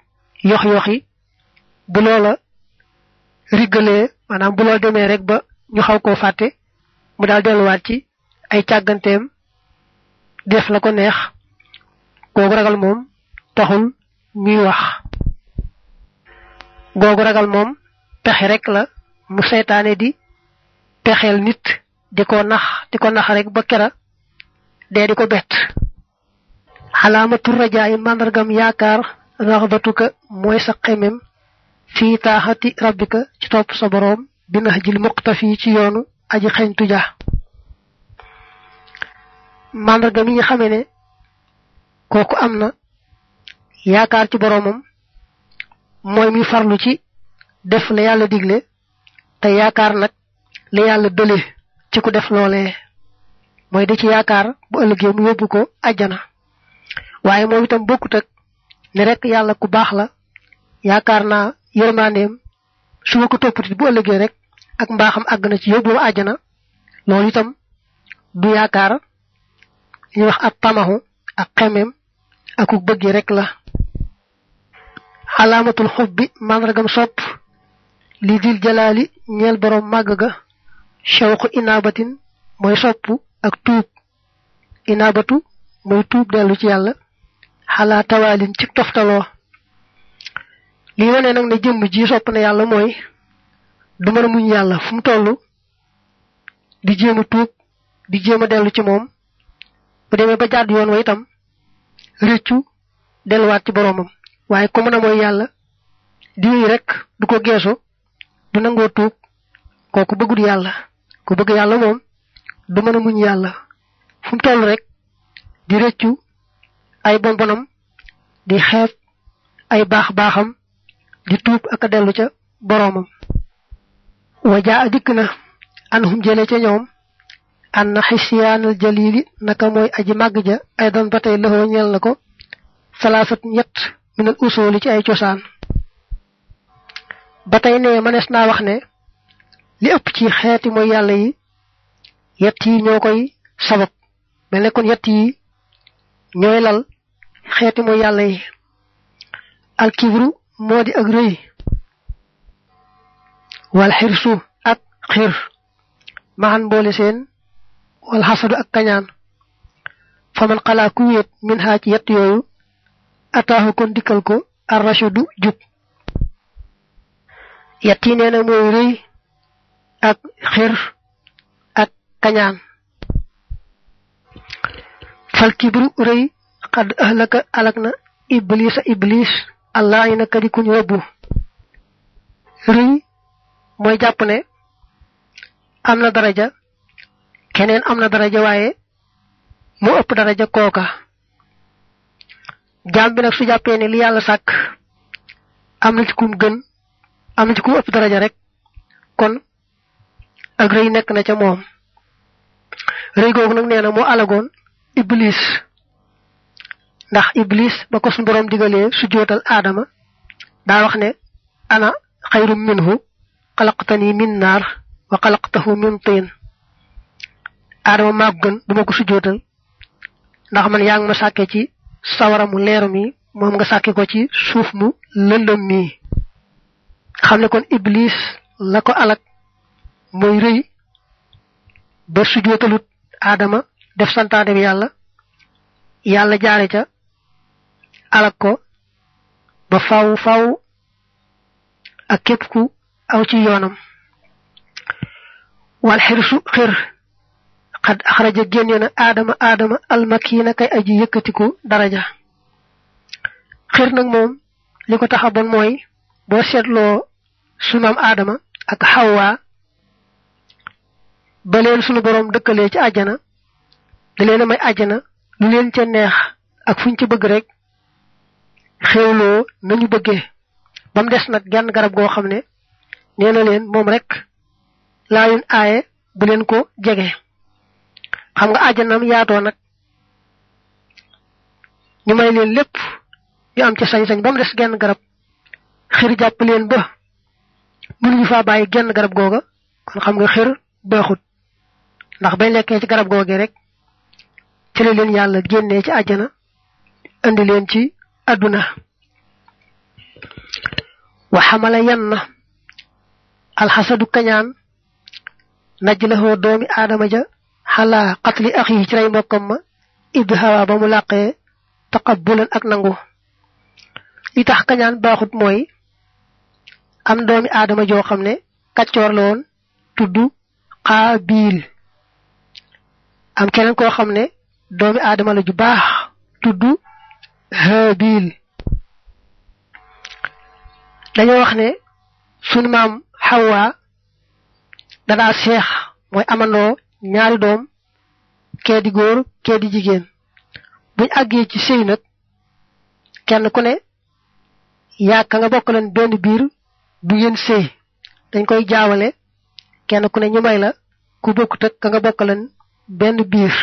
yox yoxi bu loola riggalee maanaam bu loo demee rek ba ñu xaw koo fàtte mu daal delluwaat ci ay càgganteem def la ko neex kooku ragal moom taxul ñuy wax googu ragal moom pexe rek la mu seytaane di pexeel nit di ko nax di ko nax rek ba kera dee di ko bett xalaamatu rajaayi màndargam yaakaar raxbatuka mooy sa xemem fii taaxati rabbika ci topp sa boroom bi nax jil muqtafi ci yoonu aji xeñtu ja màndarga mi nga xamee ne kooku am na yaakaar ci boroomam mooy muy farlu ci def la yàlla digle te yaakaar nag li yàlla bële ci ku def loolee mooy de ci yaakaar bu ëllëgee mu yóbbu ko ajjana waaye moom itam bokkut ak ne rek yàlla ku baax la yaakaar naa yërmandeem su ma ko toppatit bu ëllëgee rek ak mbaaxam àgg na ci yóbbu ma ajjana loolu itam du yaakaar ñuy wax ak tamaxu ak xemeem ak ku bëgg rek la alaamatul xubbi màndargam sopp li dil jalaali ñeel borom màgg ga shawqu inaabatin mooy sopp ak tuub inaabatu mooy tuub dellu ci yàlla xalaa tawaalin ci toftaloo li wone nag ne jëmm ji sopp na yàlla mooy du mën a muñ yàlla fu mu toll di jéem tuub di jéem a dellu ci moom bu demee ba jàdd yoon wa itam rëccu delluwaat ci boromam waaye ku mën mooy yàlla di wéy rek du ko geesu du nangoo tuub kooku bëggul yàlla ko bëgg yàlla moom du mën a muñ yàlla fu mu toll di rëccu ay bonbonam di xeeb ay baax baaxam di tuub ak a dellu ca boroomam wa jaa dikk na an hum jële ca ñoom an na xisiyaanal jalili naka mooy aji màgg ja ay doon ba tey lëxoo ko salaasat ñett min al usuli ci ay cosaan ba tey ne mënees naa wax ne li ëpp ci xeeti mooy yàlla yi yett yi ñoo koy sabab mel ne kon yett yi ñooy lal xeeti mooy yàlla yi alkibru moo di ak rëy wal xirsu ak xir maxan boole seen wal xasadu ak kañaan faman xalaa ku wéet xaa ci yett yooyu ataahu kon dikkal ko arrachadu jub yat na mooy rëy ak xir ak kañaan fal kibru rëy xad ahlaka alak na iblisa iblis allah yi naka di rëy mooy jàpp ne am na daraja keneen am na daraja waaye moo ëpp daraja kooka jaam bi nag su jàppee ne li yàlla sàkk am na ci kum gën am na ëpp daraja rek kon ak rëy nekk na ca moom rëy googu nag nee na alagoon iblis ndax iblis ba ko suñu boroom digalee su jootal aadama daa wax ne ana xayrum minhu xalaqtani min naar wa xalaqtahu min tiin aadama maa gën bu ma ko su ndax man yaa ma sàkkee ci sawaramu mu leer mi moom nga sàkki ko ci suuf mu lëndëm mii xam ne kon iblis la ko alak mooy rëy ba su aadama def santaane bi yàlla yàlla jaare ca alak ko ba faw faw ak képp ku aw ci yoonam wal xirsu xir xad axraja génne na aadama aadama almakina kay aji yëkkatiku daraja xir nag moom li ko tax a bon mooy boo seetloo sunam aadama ak xawwa ba leen sunu boroom dëkkalee ci àjjana da a may àjjana lu leen ca neex ak fuñ ci bëgg rek xéewloo nañu bëggee ba mu des nag genn garab goo xam ne nee na leen moom rek laayun aaye bu leen ko jege xam nga àjjanam yaatoo nag ñu may leen lépp ñu am ci sañ-sañ ba des genn garab xir jàpp leen ba mënuñu faa bàyyi genn garab googa kon xam nga xir baaxut ndax bañ lekkee ci garab googee rek ci la leen yàlla génnee ci àjjana indi leen ci àdduna wa xamala yan na alxasadu kañaan najj la doomi aadama ja xalaa xatli axi ci rey mbokkam idd hawa ba mu làqee taqabbulan ak nangu li tax kañaan baaxut mooy am doomi adama joo xam ne kaccoor la woon tudd xaabiil am keneen koo xam ne doomi adama la ju baax tudd haabiil dañoo wax ne sunu maam xawaa seex mooy amandoo ñaari doom kee di góor kee di jigéen buñ àggee ci sëy nag kenn ku ne yaa ka nga bokk leen benn biir du ngeen sëy dañ koy jaawale kenn ku ne ñu may la ku bokkut ak nga bokk leen benn biir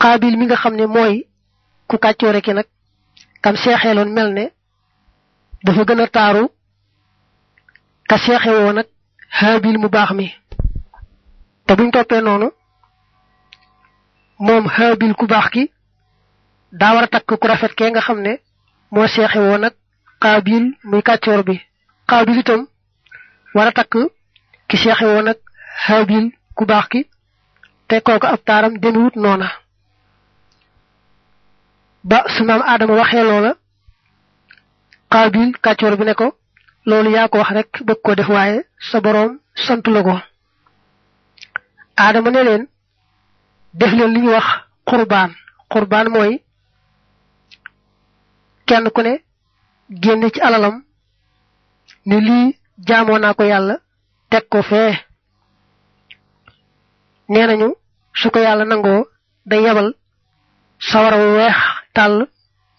xaabil mi nga xam ne mooy ku kàccoore ki nag kam seexeeloon mel ne dafa gën a taaru ka seexe woo nag xaabil mu baax mi te buñ toppee noonu moom Haabil ku baax ki daa war a takk ku rafet kee nga xam ne moo seexe woon ak Qaabil muy kàccoor bi Qaabil itam war takk ki seexe woon ak Haabil ku baax ki te kooku ab taaram demewut noona ba su maam Adama waxee loola Qaabil kàccoor bi ne ko loolu yaa ko wax rek bëgg koo def waaye sa boroom santu la ko aadama ne leen def leen li ñuy wax qurbaan qurbaan mooy kenn ku ne génne ci alalam ne lii jaamoo ko yàlla teg ko fee nee nañu su ko yàlla nangoo day yabal sawara weex tàll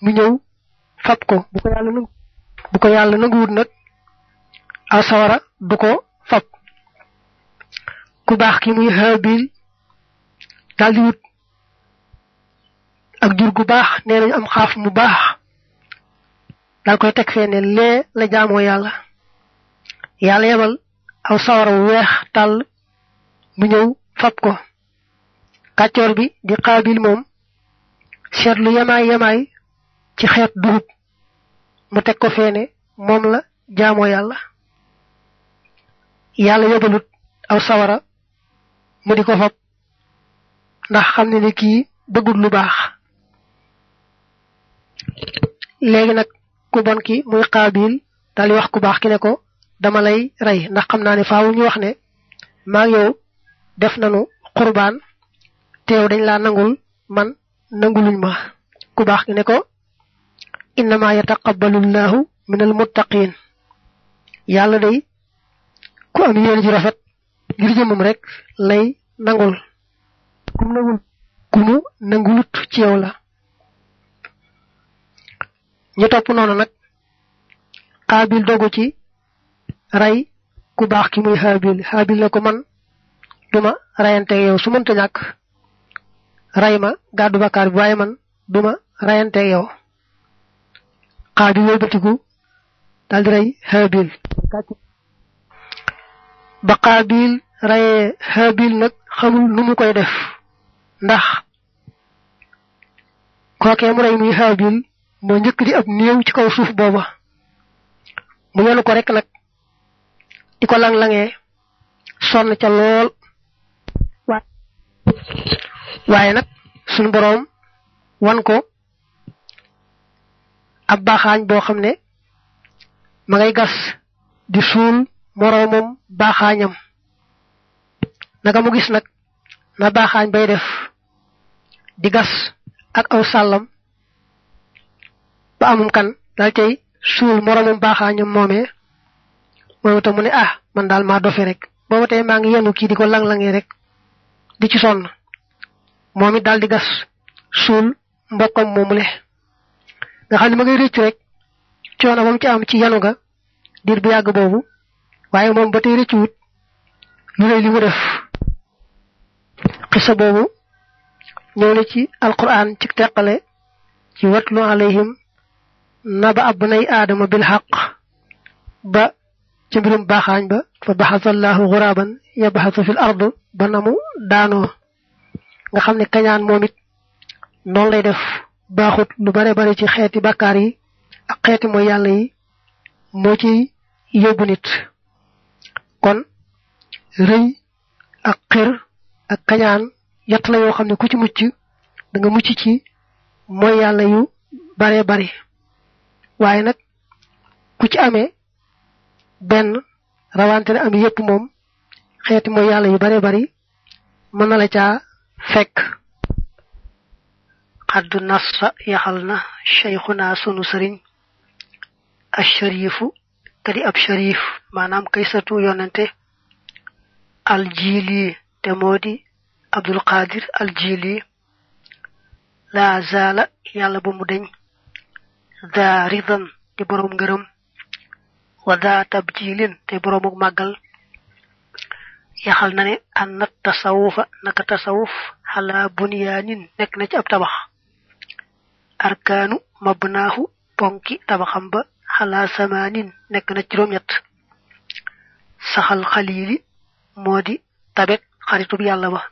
mu ñëw fab ko bu ko yàlla nanguwut nag aw sawara du ko fab ku baax ki muy Haabil daldi wut ak jur gu baax nee nañu am xaaf mu baax daal koy teg fee ne lee la jaamoo yàlla yàlla yebal aw sawara wu weex tàll mu ñëw fab ko kàccoor bi di Qaabil moom seetlu yemaay yemaay ci xeet dugub mu teg ko fee moom la jaamoo yàlla yàlla yebalut aw sawara mu di ko fab ndax xam ne ni kii bëggul lu baax léegi nag ku bon ki muy xaabil daal di wax ku baax ki ne ko dama lay rey ndax xam naa ne faawu ñu wax ne maa ngi yow def nanu xurbaan te dañ laa nangul man nanguluñ ma ku baax ki ne ko innama yataqabbalu llahu min al muttaqin yàlla day ku am yéen ji rafet ngir jëmmam rek lay nangul kum nangul ku mu nangulut ci yow la ñu topp noonu nag xaabil dogu ci ray ku baax ki muy xaabil xaabil na ko man duma rayante yow su mënta ñàkk ray ma gàddu bakkaar bi waaye man duma rayante yow xaabil wëlbatiku daldi rey xaabil ba xaabil rayee Habil nag xamul nu koy def ndax kookee mu rey muy Habil moo njëkk di ab néew ci kaw suuf booba mu yenu ko rek nag di ko lang-langee sonn ca lool waaye nag suñu boroom wan ko ab baaxaañ boo xam ne ma ngay gas di suul moroomam baaxaañam naka mu gis nag na baaxaañ bay def di gas ak aw sàllam ba amum kan dal tey suul moromum baaxaañam moomee moomu ta mu ne ah man daal maa dofe rek booba tey maa ngi yenu kii di ko lang-langi rek di ci sonn moom it daal di gas suul mbokkam moomule nga xam ne ma ngay réccu rek coono ba mu ci am ci yanu ga diir bu yàgg boobu waaye moom ba tey réccuwut lu lay li mu def xisa boobu ñëw na ci alquran ci teqale ci watlu alayhim naba ab nay aadama bil xaq ba ci mbirum baaxaañ ba fa baxasallahu xuraaban yabaxasu fil ard ba namu daanoo nga xam ne kañaan moom it lay def baaxut lu bare bare ci xeeti bakkaar yi ak xeeti mooy yàlla yi moo ci yóbbu nit kon rëy ak xir ak kañaan yett yoo xam ne ku ci mucc da mucc ci mooy yàlla yu bare bari waaye nag ku ci amee benn rawante ne am yépp moom xeeti mooy yàlla yu bare bari mën na la ca fekk xaddu nassa yaxal na cheikhuna sunu sëriñ asharifu kadi ab sharif maanaam kay satu yonente aljiili te moo di abdul qadir al jili laa zaala yàlla ba mu deñ daa ridan di boroom ngërëm wa daa tabjilin te boroomu màggal yaxal na ne an na tasawufa naka tasawuf xalaa bunyaanin nekk na ci ab tabax arkaanu mabnaahu ponki tabaxam ba xalaa samaanin nekk na ci juróom-ñett saxal xaliili moo di xaritub yàlla ba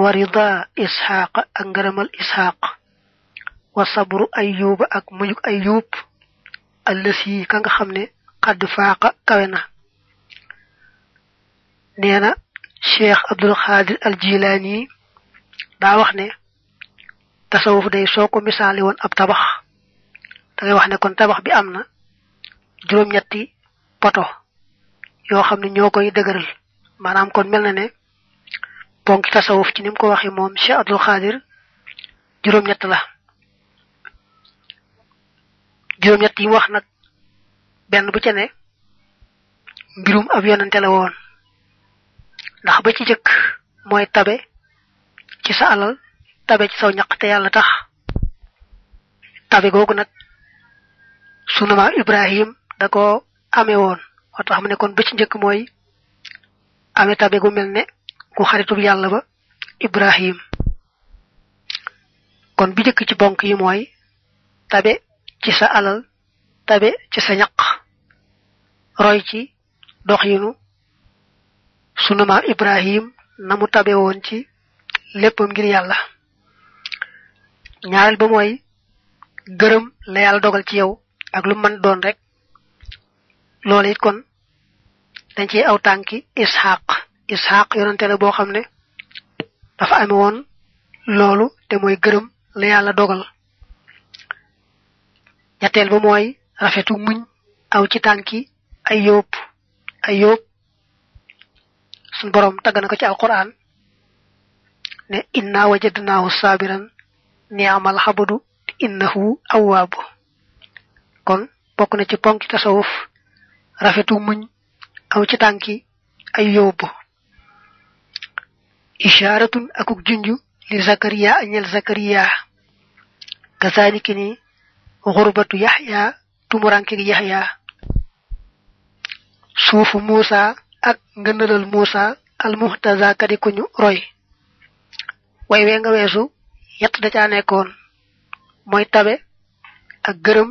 wa rida isxaaq ak ngërëmal isxaaq wa sabru ayuba ak muñuk ayub allës yi ka nga xam ne xadd faaqa kawe na nee na cheikh abdul xaadir al jilaani yi daa wax ne tasawuf day soo ko misaali woon ab tabax da ngay wax ne kon tabax bi am na juróom-ñetti poto yoo xam ne ñoo koy dëgëral maanaam kon mel na ne ponki tasawuf ci ni ko waxee moom Cheikh Abdul Xaadir juróom-ñett la juróom-ñett yi wax nag benn bu ca ne mbirum ab yonante ndax ba ci jëkk mooy tabe ci sa alal tabe ci saw ñaqte te yàlla tax tabe googu nag sunu maam Ibrahim da ko amee woon moo mu ne kon ba ci njëkk mooy amee tabe gu mel ne ku xaritub yàlla ba ibrahim kon bi jëkk ci bonk yi mooy tabe ci sa alal tabe ci sa ñaq roy ci doxinu sunu maam ibrahim na mu tabe woon ci léppam ngir yàlla ñaareel ba mooy gërëm la yàlla dogal ci yow ak lu mën doon rek loolu it kon dañ ciy aw tànki isxaq Isxaaq yonante la boo xam ne dafa ame woon loolu te mooy gërëm la yàlla dogal ñetteel ba mooy rafetu muñ aw ci tànki ay yóob ay yóob suñ boroom tagg na ko ci alquran ne inna wajadnaahu saabiran ni'mal xabadu innahu awwaab kon bokk na ci ponk tasawuf rafetu muñ aw ci tànki ay yóob ishaaratun akuk junju li zakariya añel zakariya kasaaniki ni xurbatu yaxya tumuranke gi yaxya suufu muusa ak ngënalal muusa almuhtaza kadi roy way we nga weesu yett da caa mooy tabe ak gërëm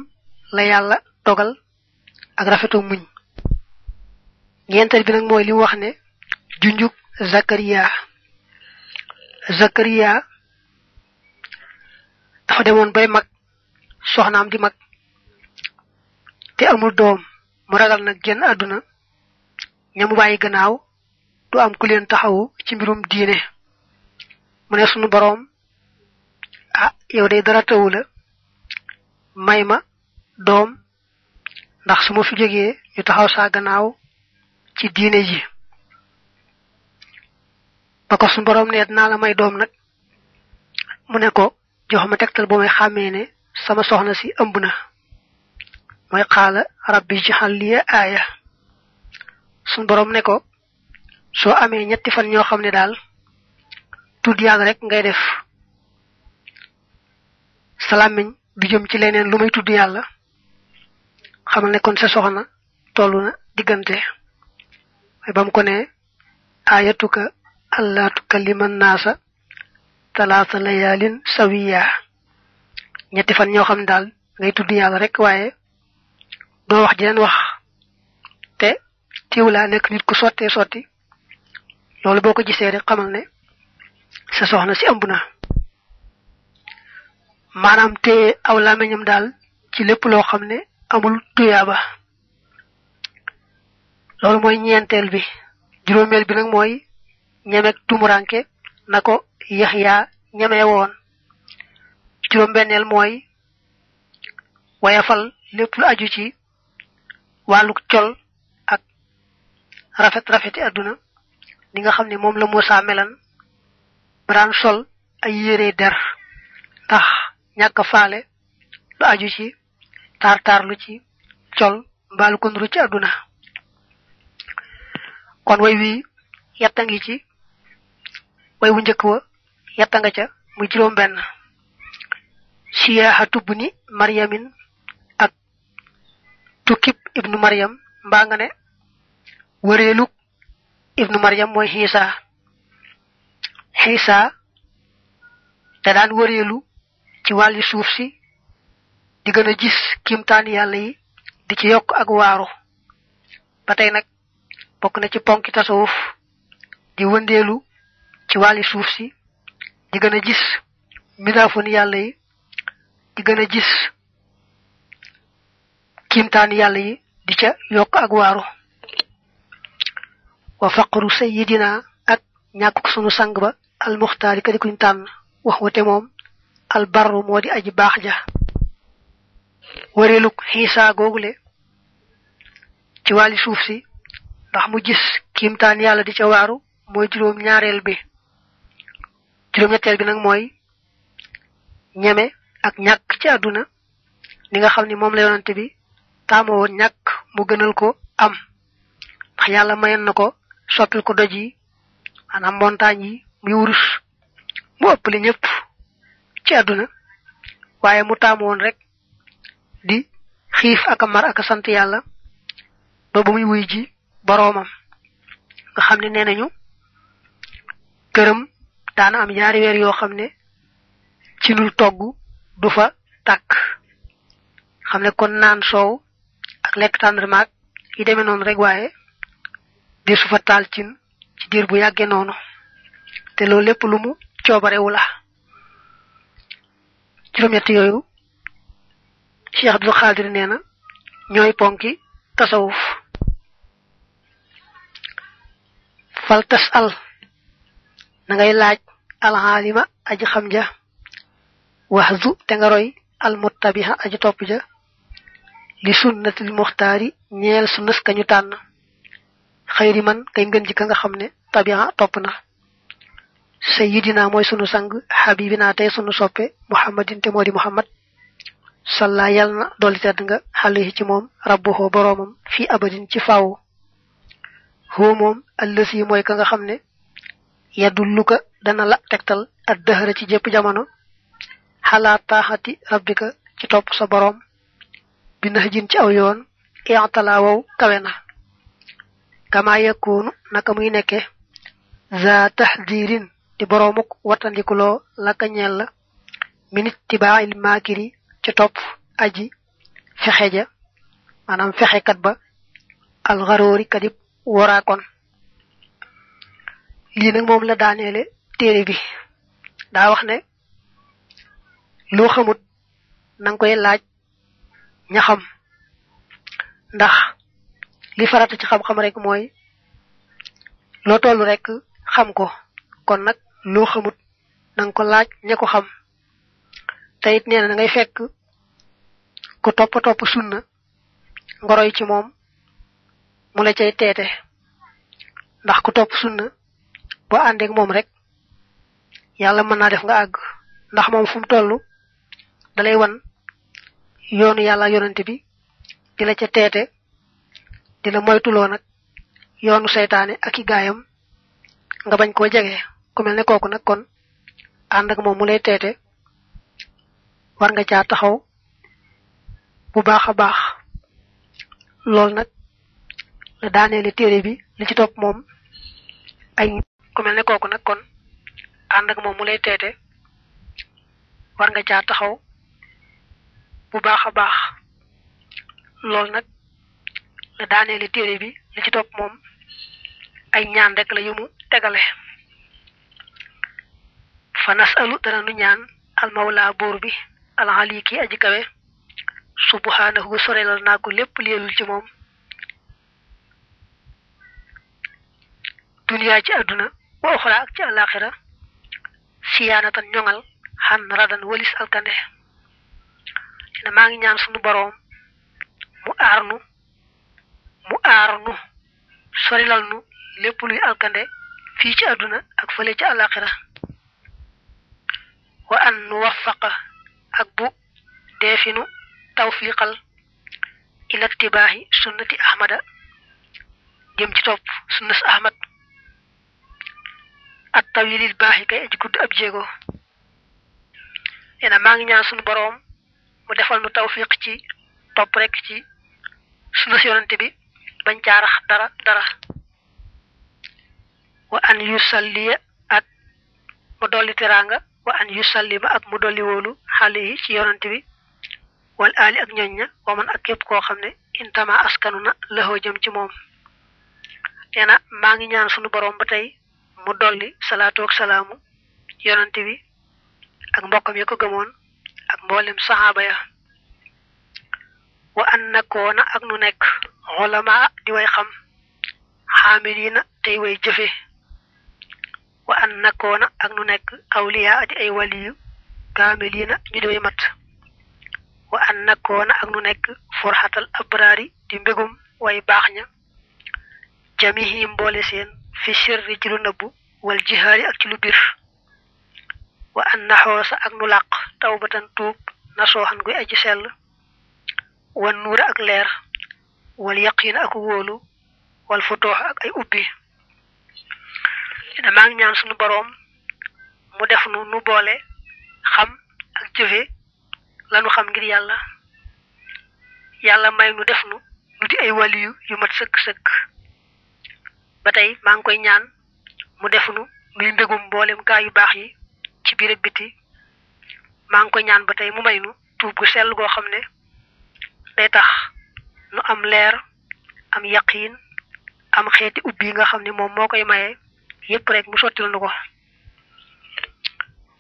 la yàlla dogal ak rafetu muñ ñeenteel bi nag mooy li wax ne junjuk zakariya Zakaria dafa demoon bay mag soxnaam di mag te amul doom mu ragal nag génn àdduna ñamu bàyyi gannaaw du am ku leen taxawu ci mbirum diine mu ne sunu boroom ah yow day dara tawu may ma doom ndax su ma fi jógee ñu taxaw saa gannaaw ci diine yi ba ko su borom ne naa la may doom nag mu ne ko jox ma tegtal bu may xàmmee ne sama soxna si ëmb na mooy xaala rabbi jaxal lii aaya suñ borom ne ko soo amee ñetti fan ñoo xam ne daal tudd yàlla rek ngay def salamiñ du jëm ci leneen lu may tudd yàlla xamal ne kon sa soxna toll na diggante ba mu ko ne aayatuka allah tukallima naasa talaata layaalin sawiya ñetti fan ñoo xam ne daal ngay tudd yàlla rek waaye doo wax jeneen wax te tiw laa nekk nit ku sottee sotti loolu boo ko gisee rek xamal ne sa soxna si ëmb na maanaam téye aw làmmiñam daal ci lépp loo xam ne amul tuyaaba loolu mooy ñeenteel bi juróomeel bi nag mooy ñemeeg tumuranke na ko yaxyaa ñemee woon juróom-benneel mooy wayafal lépp lu aju ci wàlluk col ak rafet-rafeti àdduna li nga xam ni moom la Moussa melan ba daan sol ay yére der ndax ñàkk faale lu aju ci taar-taar lu ci col mbaalu ko nuru ci kon way wi yetta ngi ci way wu njëkk wa yetta nga ca muy juróom benn siyaaxa tubb ni maryamin ak tukkib ibnu maryam mbaa nga ne wëreeluk ibnu maryam mooy xiisaa xiisaa te daan wëreelu ci wàllu suuf si di gën a gis kiimtaan yàlla di ci yokk ak waaru ba tey nag bokk na ci ponki tasawuf di wëndeelu ci wàlli suuf si di gis mindaafon yàlla yi di gën a gis yàlla yi di ca yokk ak waaru wa faqru dina ak ñàkkuk sunu sang ba almuxtaari ka di kuñ tànn wax wate moom albarru moo di aji baax ja wareeluk xiisaa googule ci wàlli suuf si ndax mu gis kiimtaan yàlla di ca waaru mooy juróom ñaareel bi juróom-ñetteel bi nag mooy ñeme ak ñakk ci àdduna li nga xam ni moom la yonante bi taamu woon mu gënal ko am ndax yàlla mayoon na ko soppil ko doj yi maanaam montagne yi muy wurus mu ëpp ñëpp ci àdduna waaye mu taamu woon rek di xiif ak a mar ak a sant yàlla ba bu muy wuy ji boroomam nga xam ne nee nañu këram daana am ñaari weer yoo xam ne ci togg du fa tàkk xam ne kon naan soow ak lekk tàndarmaag yi demee noonu rek waaye di su fa taal cin ci diir bu yàggee noonu te loolu lépp lu mu coobarewu la juróom-ñett yooyu Cheikh Abdul Xaadir nee na ñooy ponki tasawuf fal al na laaj alxaalima aji xam ja waxzu te nga roy almuttabiha aji topp ja li sunnatil muxtaari ñeel sunnas kañu tànn xayri man kay ngën ji ka nga xam ne tabiha topp na sayyidina mooy sunu sang xabibina tey sunu soppe muhammadin te moo di muhammad salla yal na dolli tedd nga xale ci moom rabbuhu boroomam fii abadin ci faaw hoo moom allësi mooy ka nga xam ne yadulluka dana la tegtal ad dëhëra ci jëpp jamono xalaat taaxati rabbika ci topp sa boroom bi nax ci aw yoon iatala wow kawe na kama yakunu naka muy nekke za tahdirin di boroomuk wattandikuloo laka ñeel la minit tibail maakiri ci topp aji fexe ja maanaam fexekat ba alxaroori kadib waraakon lii nag moom la daaneele téere bi daa wax ne loo xamut koy laaj ña ndax li farata ci xam-xam rek mooy loo toll rek xam ko kon nag loo xamut na ko laaj ña xam te it nee na da ngay fekk ku topp topp sunna ngoroy ci moom mu la cay teete ndax ku topp sunna bo àndeek moom rek yàlla mën naa def nga àgg ndax moom fu mu toll dalay wan yoonu yàlla ak bi di ca teete dila la nag yoonu seytaane ak i gaayam nga bañ koo jege ku mel ne kooku nag kon ànd ak moom mu lay teete war nga caa taxaw bu baax a baax loolu nag la daaneele téere bi li ci topp moom ay ku mel ne kooku nag kon ànd ak moom mu lay teete war nga caa taxaw bu baax a baax loolu nag la daaneeli téere bi li ci topp moom ay ñaan rek la yu tegale fa nasalu dana nu ñaan almawla buur bi alxali ki aji kawe subhanahu sorelal naa ko lépp leelul ci moom duniyaa ci àdduna wa uxra ak ci àlaxira siyaanatan ñoŋal xan radan walis alkande ne maa ngi ñaan sunu boroom mu aar nu mu aar nu sorilal nu lépp luy alkande fii ci àdduna ak fële ci àlaxira wa an nu waffaqa ak bu deefinu tawfiqal ila ittibaahi sunnati ahmada jëm ci topp sunnas ahmad ak tawilil baaxi kay aji gudd ab jéego nee maa ngi ñaan suñu boroom mu defal nu tawfiq ci topp rekk ci sunu yonante bi bañ caarax dara dara wa an yu salliya ak mu dolli teraanga wa an yu salli ma ak mu dolli wóolu xale yi ci yonante bi wal aali ak ñooñ ña wa man ak képp koo xam ne intama askanu na lëxoo jëm ci moom nee na maa ngi ñaan sunu boroom ba tey mu dolli salaatu ak yonante bi ak mbokkam ya ko gëmoon ak mboolem saxaaba ya wa an nakoona ak nu nekk xolama di way xam xaamiliina tey way jëfe wa an nakoona ak nu nekk awliyaa di ay waliyu kaamiliina ñu di way mat wa an nakoona ak nu nekk forxatal abraari di mbégum way baax ña jamihi mboole seen fi sirri ci lu nëbbu wal jihaari ak ci lu bir wa an naxoosa ak nu làq tawbatan tuub nasooxan guy aji sell wan nuura ak leer wal yaqiin ak wóolu wal futoox ak ay ubbi damaa ñaan suñu boroom mu def nu nu boole xam ak jëfe lanu xam ngir yàlla yàlla may nu def nu nu di ay waliyu yu mat sëkk-sëkk ba tey maa ngi koy ñaan mu defunu nuy mbégum mboolem gaa yu baax yi ci biir ak biti maa ngi koy ñaan ba tey mu may nu tuub gu sell goo xam ne day tax nu am leer am yaqiin am xeeti ubbi yi nga xam ne moom moo koy maye yépp rek mu sottil nu ko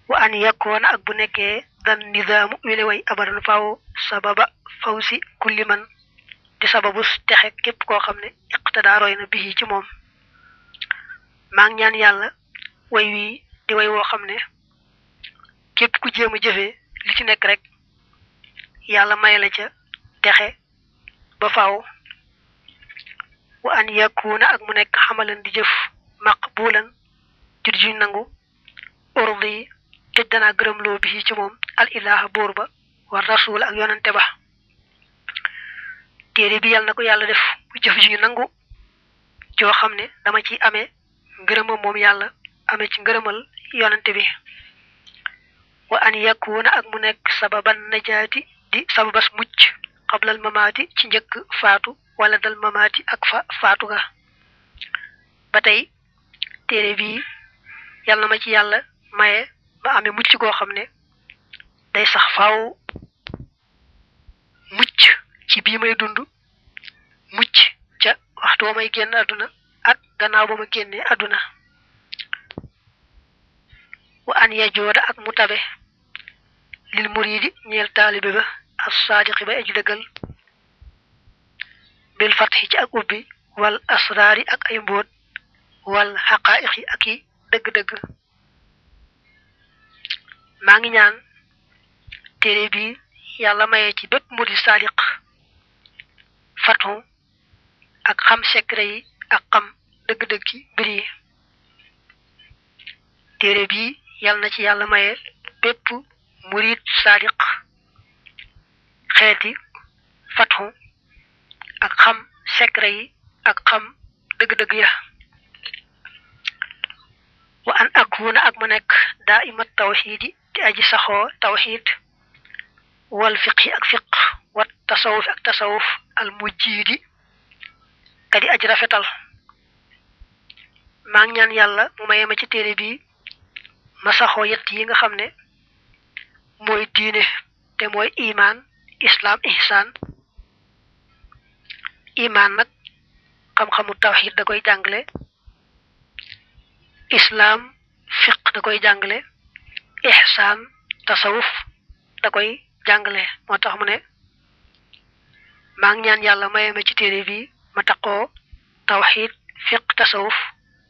wa an yakkoona ak bu nekkee dan nizaamu wile way abadan faw sababa faw si kulli man di sababu texe képp koo xam ne iqtadaa roy na bihi ci moom maa ñaan yàlla way wii di way woo xam ne képp ku jéem a jëfee li ci nekk rek yàlla may la ca texe ba faw wa an yakuuna ak mu nekk xamalan di jëf maqbulan jur juñ nangu urdi yi tëj danaa gërëm loo bi ci moom al ilaha buur ba war rasul ak yonante ba téere bi yàlla na ko yàlla def mu jëf juñu nangu joo xam ne dama ci amee ngërëmam moom yàlla amee ci ngërëmal yonante bi wa an yakuna ak mu nekk sababan najaati di sababas mucc xablal mamaati ci njëkk faatu wala dal mamaati ak faatu ga ba tey téere bii yàlla ma ci yàlla maye ba amee mucc goo xam ne day sax faaw mucc ci bii may dund mucc ca waxtu wa may génn àdduna gannaaw ba ma génnee àdduna wa an yajooda ak mu tabe lil muridi ñeel taalibe ba as saadiqi ba eju dëggal bil fatxi ci ak ubbi wal asraari ak ay mbóot wal xaqaa'iqi ak i dëgg-dëgg maa ngi ñaan téere bi yàlla mayee ci bépp murid saadiq fatu ak xam secret yi ak xam dëgg-dëggi mbir téere bii yàlla na ci yàlla maye bépp murid sadiq xeeti fatxu ak xam secret yi ak xam dëgg-dëgg ya wa an akuna ak ma nekk daa imat tawxiid yi di aji saxoo tawxiid wal fiq ak fiq wat tasawuf ak tasawuf al mujjiidi aji rafetal maa ngi ñaan yàlla mu maye ma ci téere bii ma saxoo yett yi nga xam ne mooy diine te mooy imaan islaam ihsaan imaan nag xam-xamu tawxid da koy jàngale islaam fiq da koy jàngale ihsaan tasawuf da koy jàngale moo tax mu ne maa ngi ñaan yàlla maye ma ci téere bii ma taqoo tawxid fiq tasawuf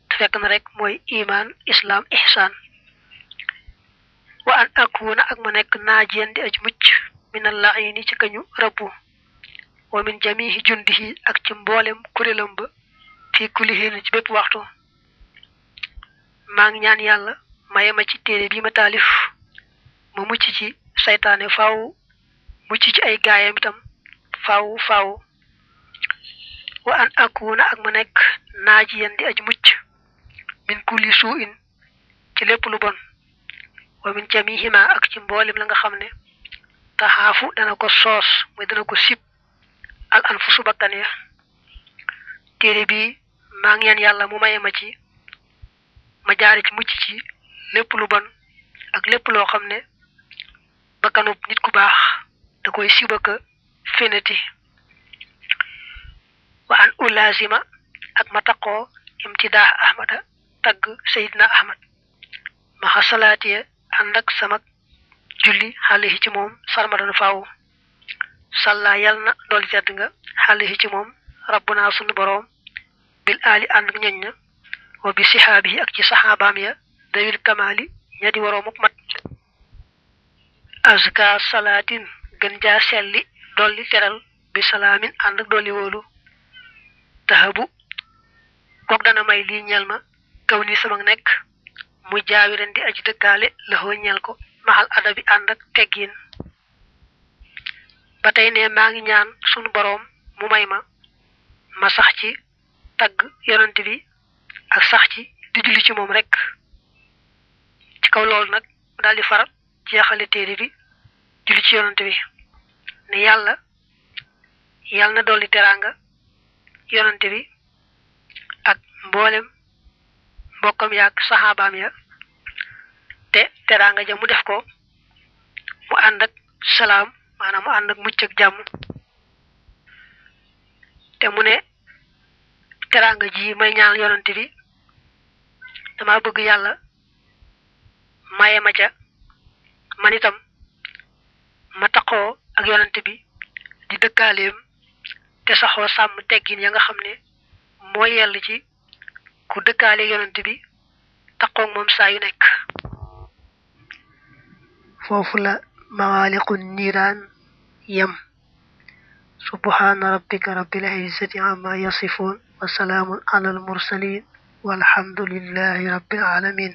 te fekk na rek mooy imaan islaam ihsaan wa an akuna ak ma nekk naajiyan di aj mucc min allaini ci kañu rabbu wa min jamihi jundihi ak ci mboolem kuréelam ba fii kullihiin ci bépp waxtu maa ngi ñaan yàlla maye ma ci téere bi ma taalif ma mucc ci saytaane faaw mucc ci ay gaayam itam faw faaw wa an akuna ak ma nekk naajiyan di aj mucc min kulli suu'in ci lépp lu bon wa min jamihima ak ci mboolem la nga xam ne taxaafu dana ko soos mooy dana ko sib al anfusu bakkan ya téere bi maa ngi yàlla mu may ma ci ma jaare ci mucc ci lépp lu bon ak lépp loo xam ne bakkanub nit ku baax da koy sibaka fénati wa an ulazima ak ma taqoo imtidaa ahmada tagg Seydina Ahmad maxa salaatiya ànd ak sama julli xaalihi ci moom sarmadan faaw sàllaa yal na dool tedd nga xaalihi ci moom rabbunaa sunu boroom bil aali ànd ñoñ na wa bi sihaabihi ak ci saxaabaam ya dawil kamaali ña di mat azka salaatin gën jaa selli dolli teral bi salaamin ànd ak dolli wóolu taxabu kook dana may lii ñeel ma kaw ni sama nekk mu jaawi ren di aji dëkkaale laxoo ñeel ko maxal bi ànd ak teggiin ba tey nee maa ngi ñaan sunu boroom mu may ma ma sax ci tagg yonent bi ak sax ci di julli ci moom rek ci kaw loolu nag daal di faral jeexale téere bi julli ci yonent bi ne yàlla yàlla na dolli teraanga yonent bi ak mboolem bokkam yaag saxaabaam ya te teraanga ja mu def ko mu ànd ak salaam maanaam mu ànd ak mucc ak jàmm te mu ne teraanga ji may ñaan yonante bi dama bëgg yàlla maye ma ca man ma taxoo ak yonante bi di dëkkaaleem te saxoo sàmm teggin ya nga xam ne moo yell ci ku dëkkaale yonent bi taqoog moom saa yu nekk foofu la mawaaliqu niiraan yam subhaana rabbika rabbil izzati amma yasifuun wa salaamun ala al mursalin walhamdulillahi rabbil alamin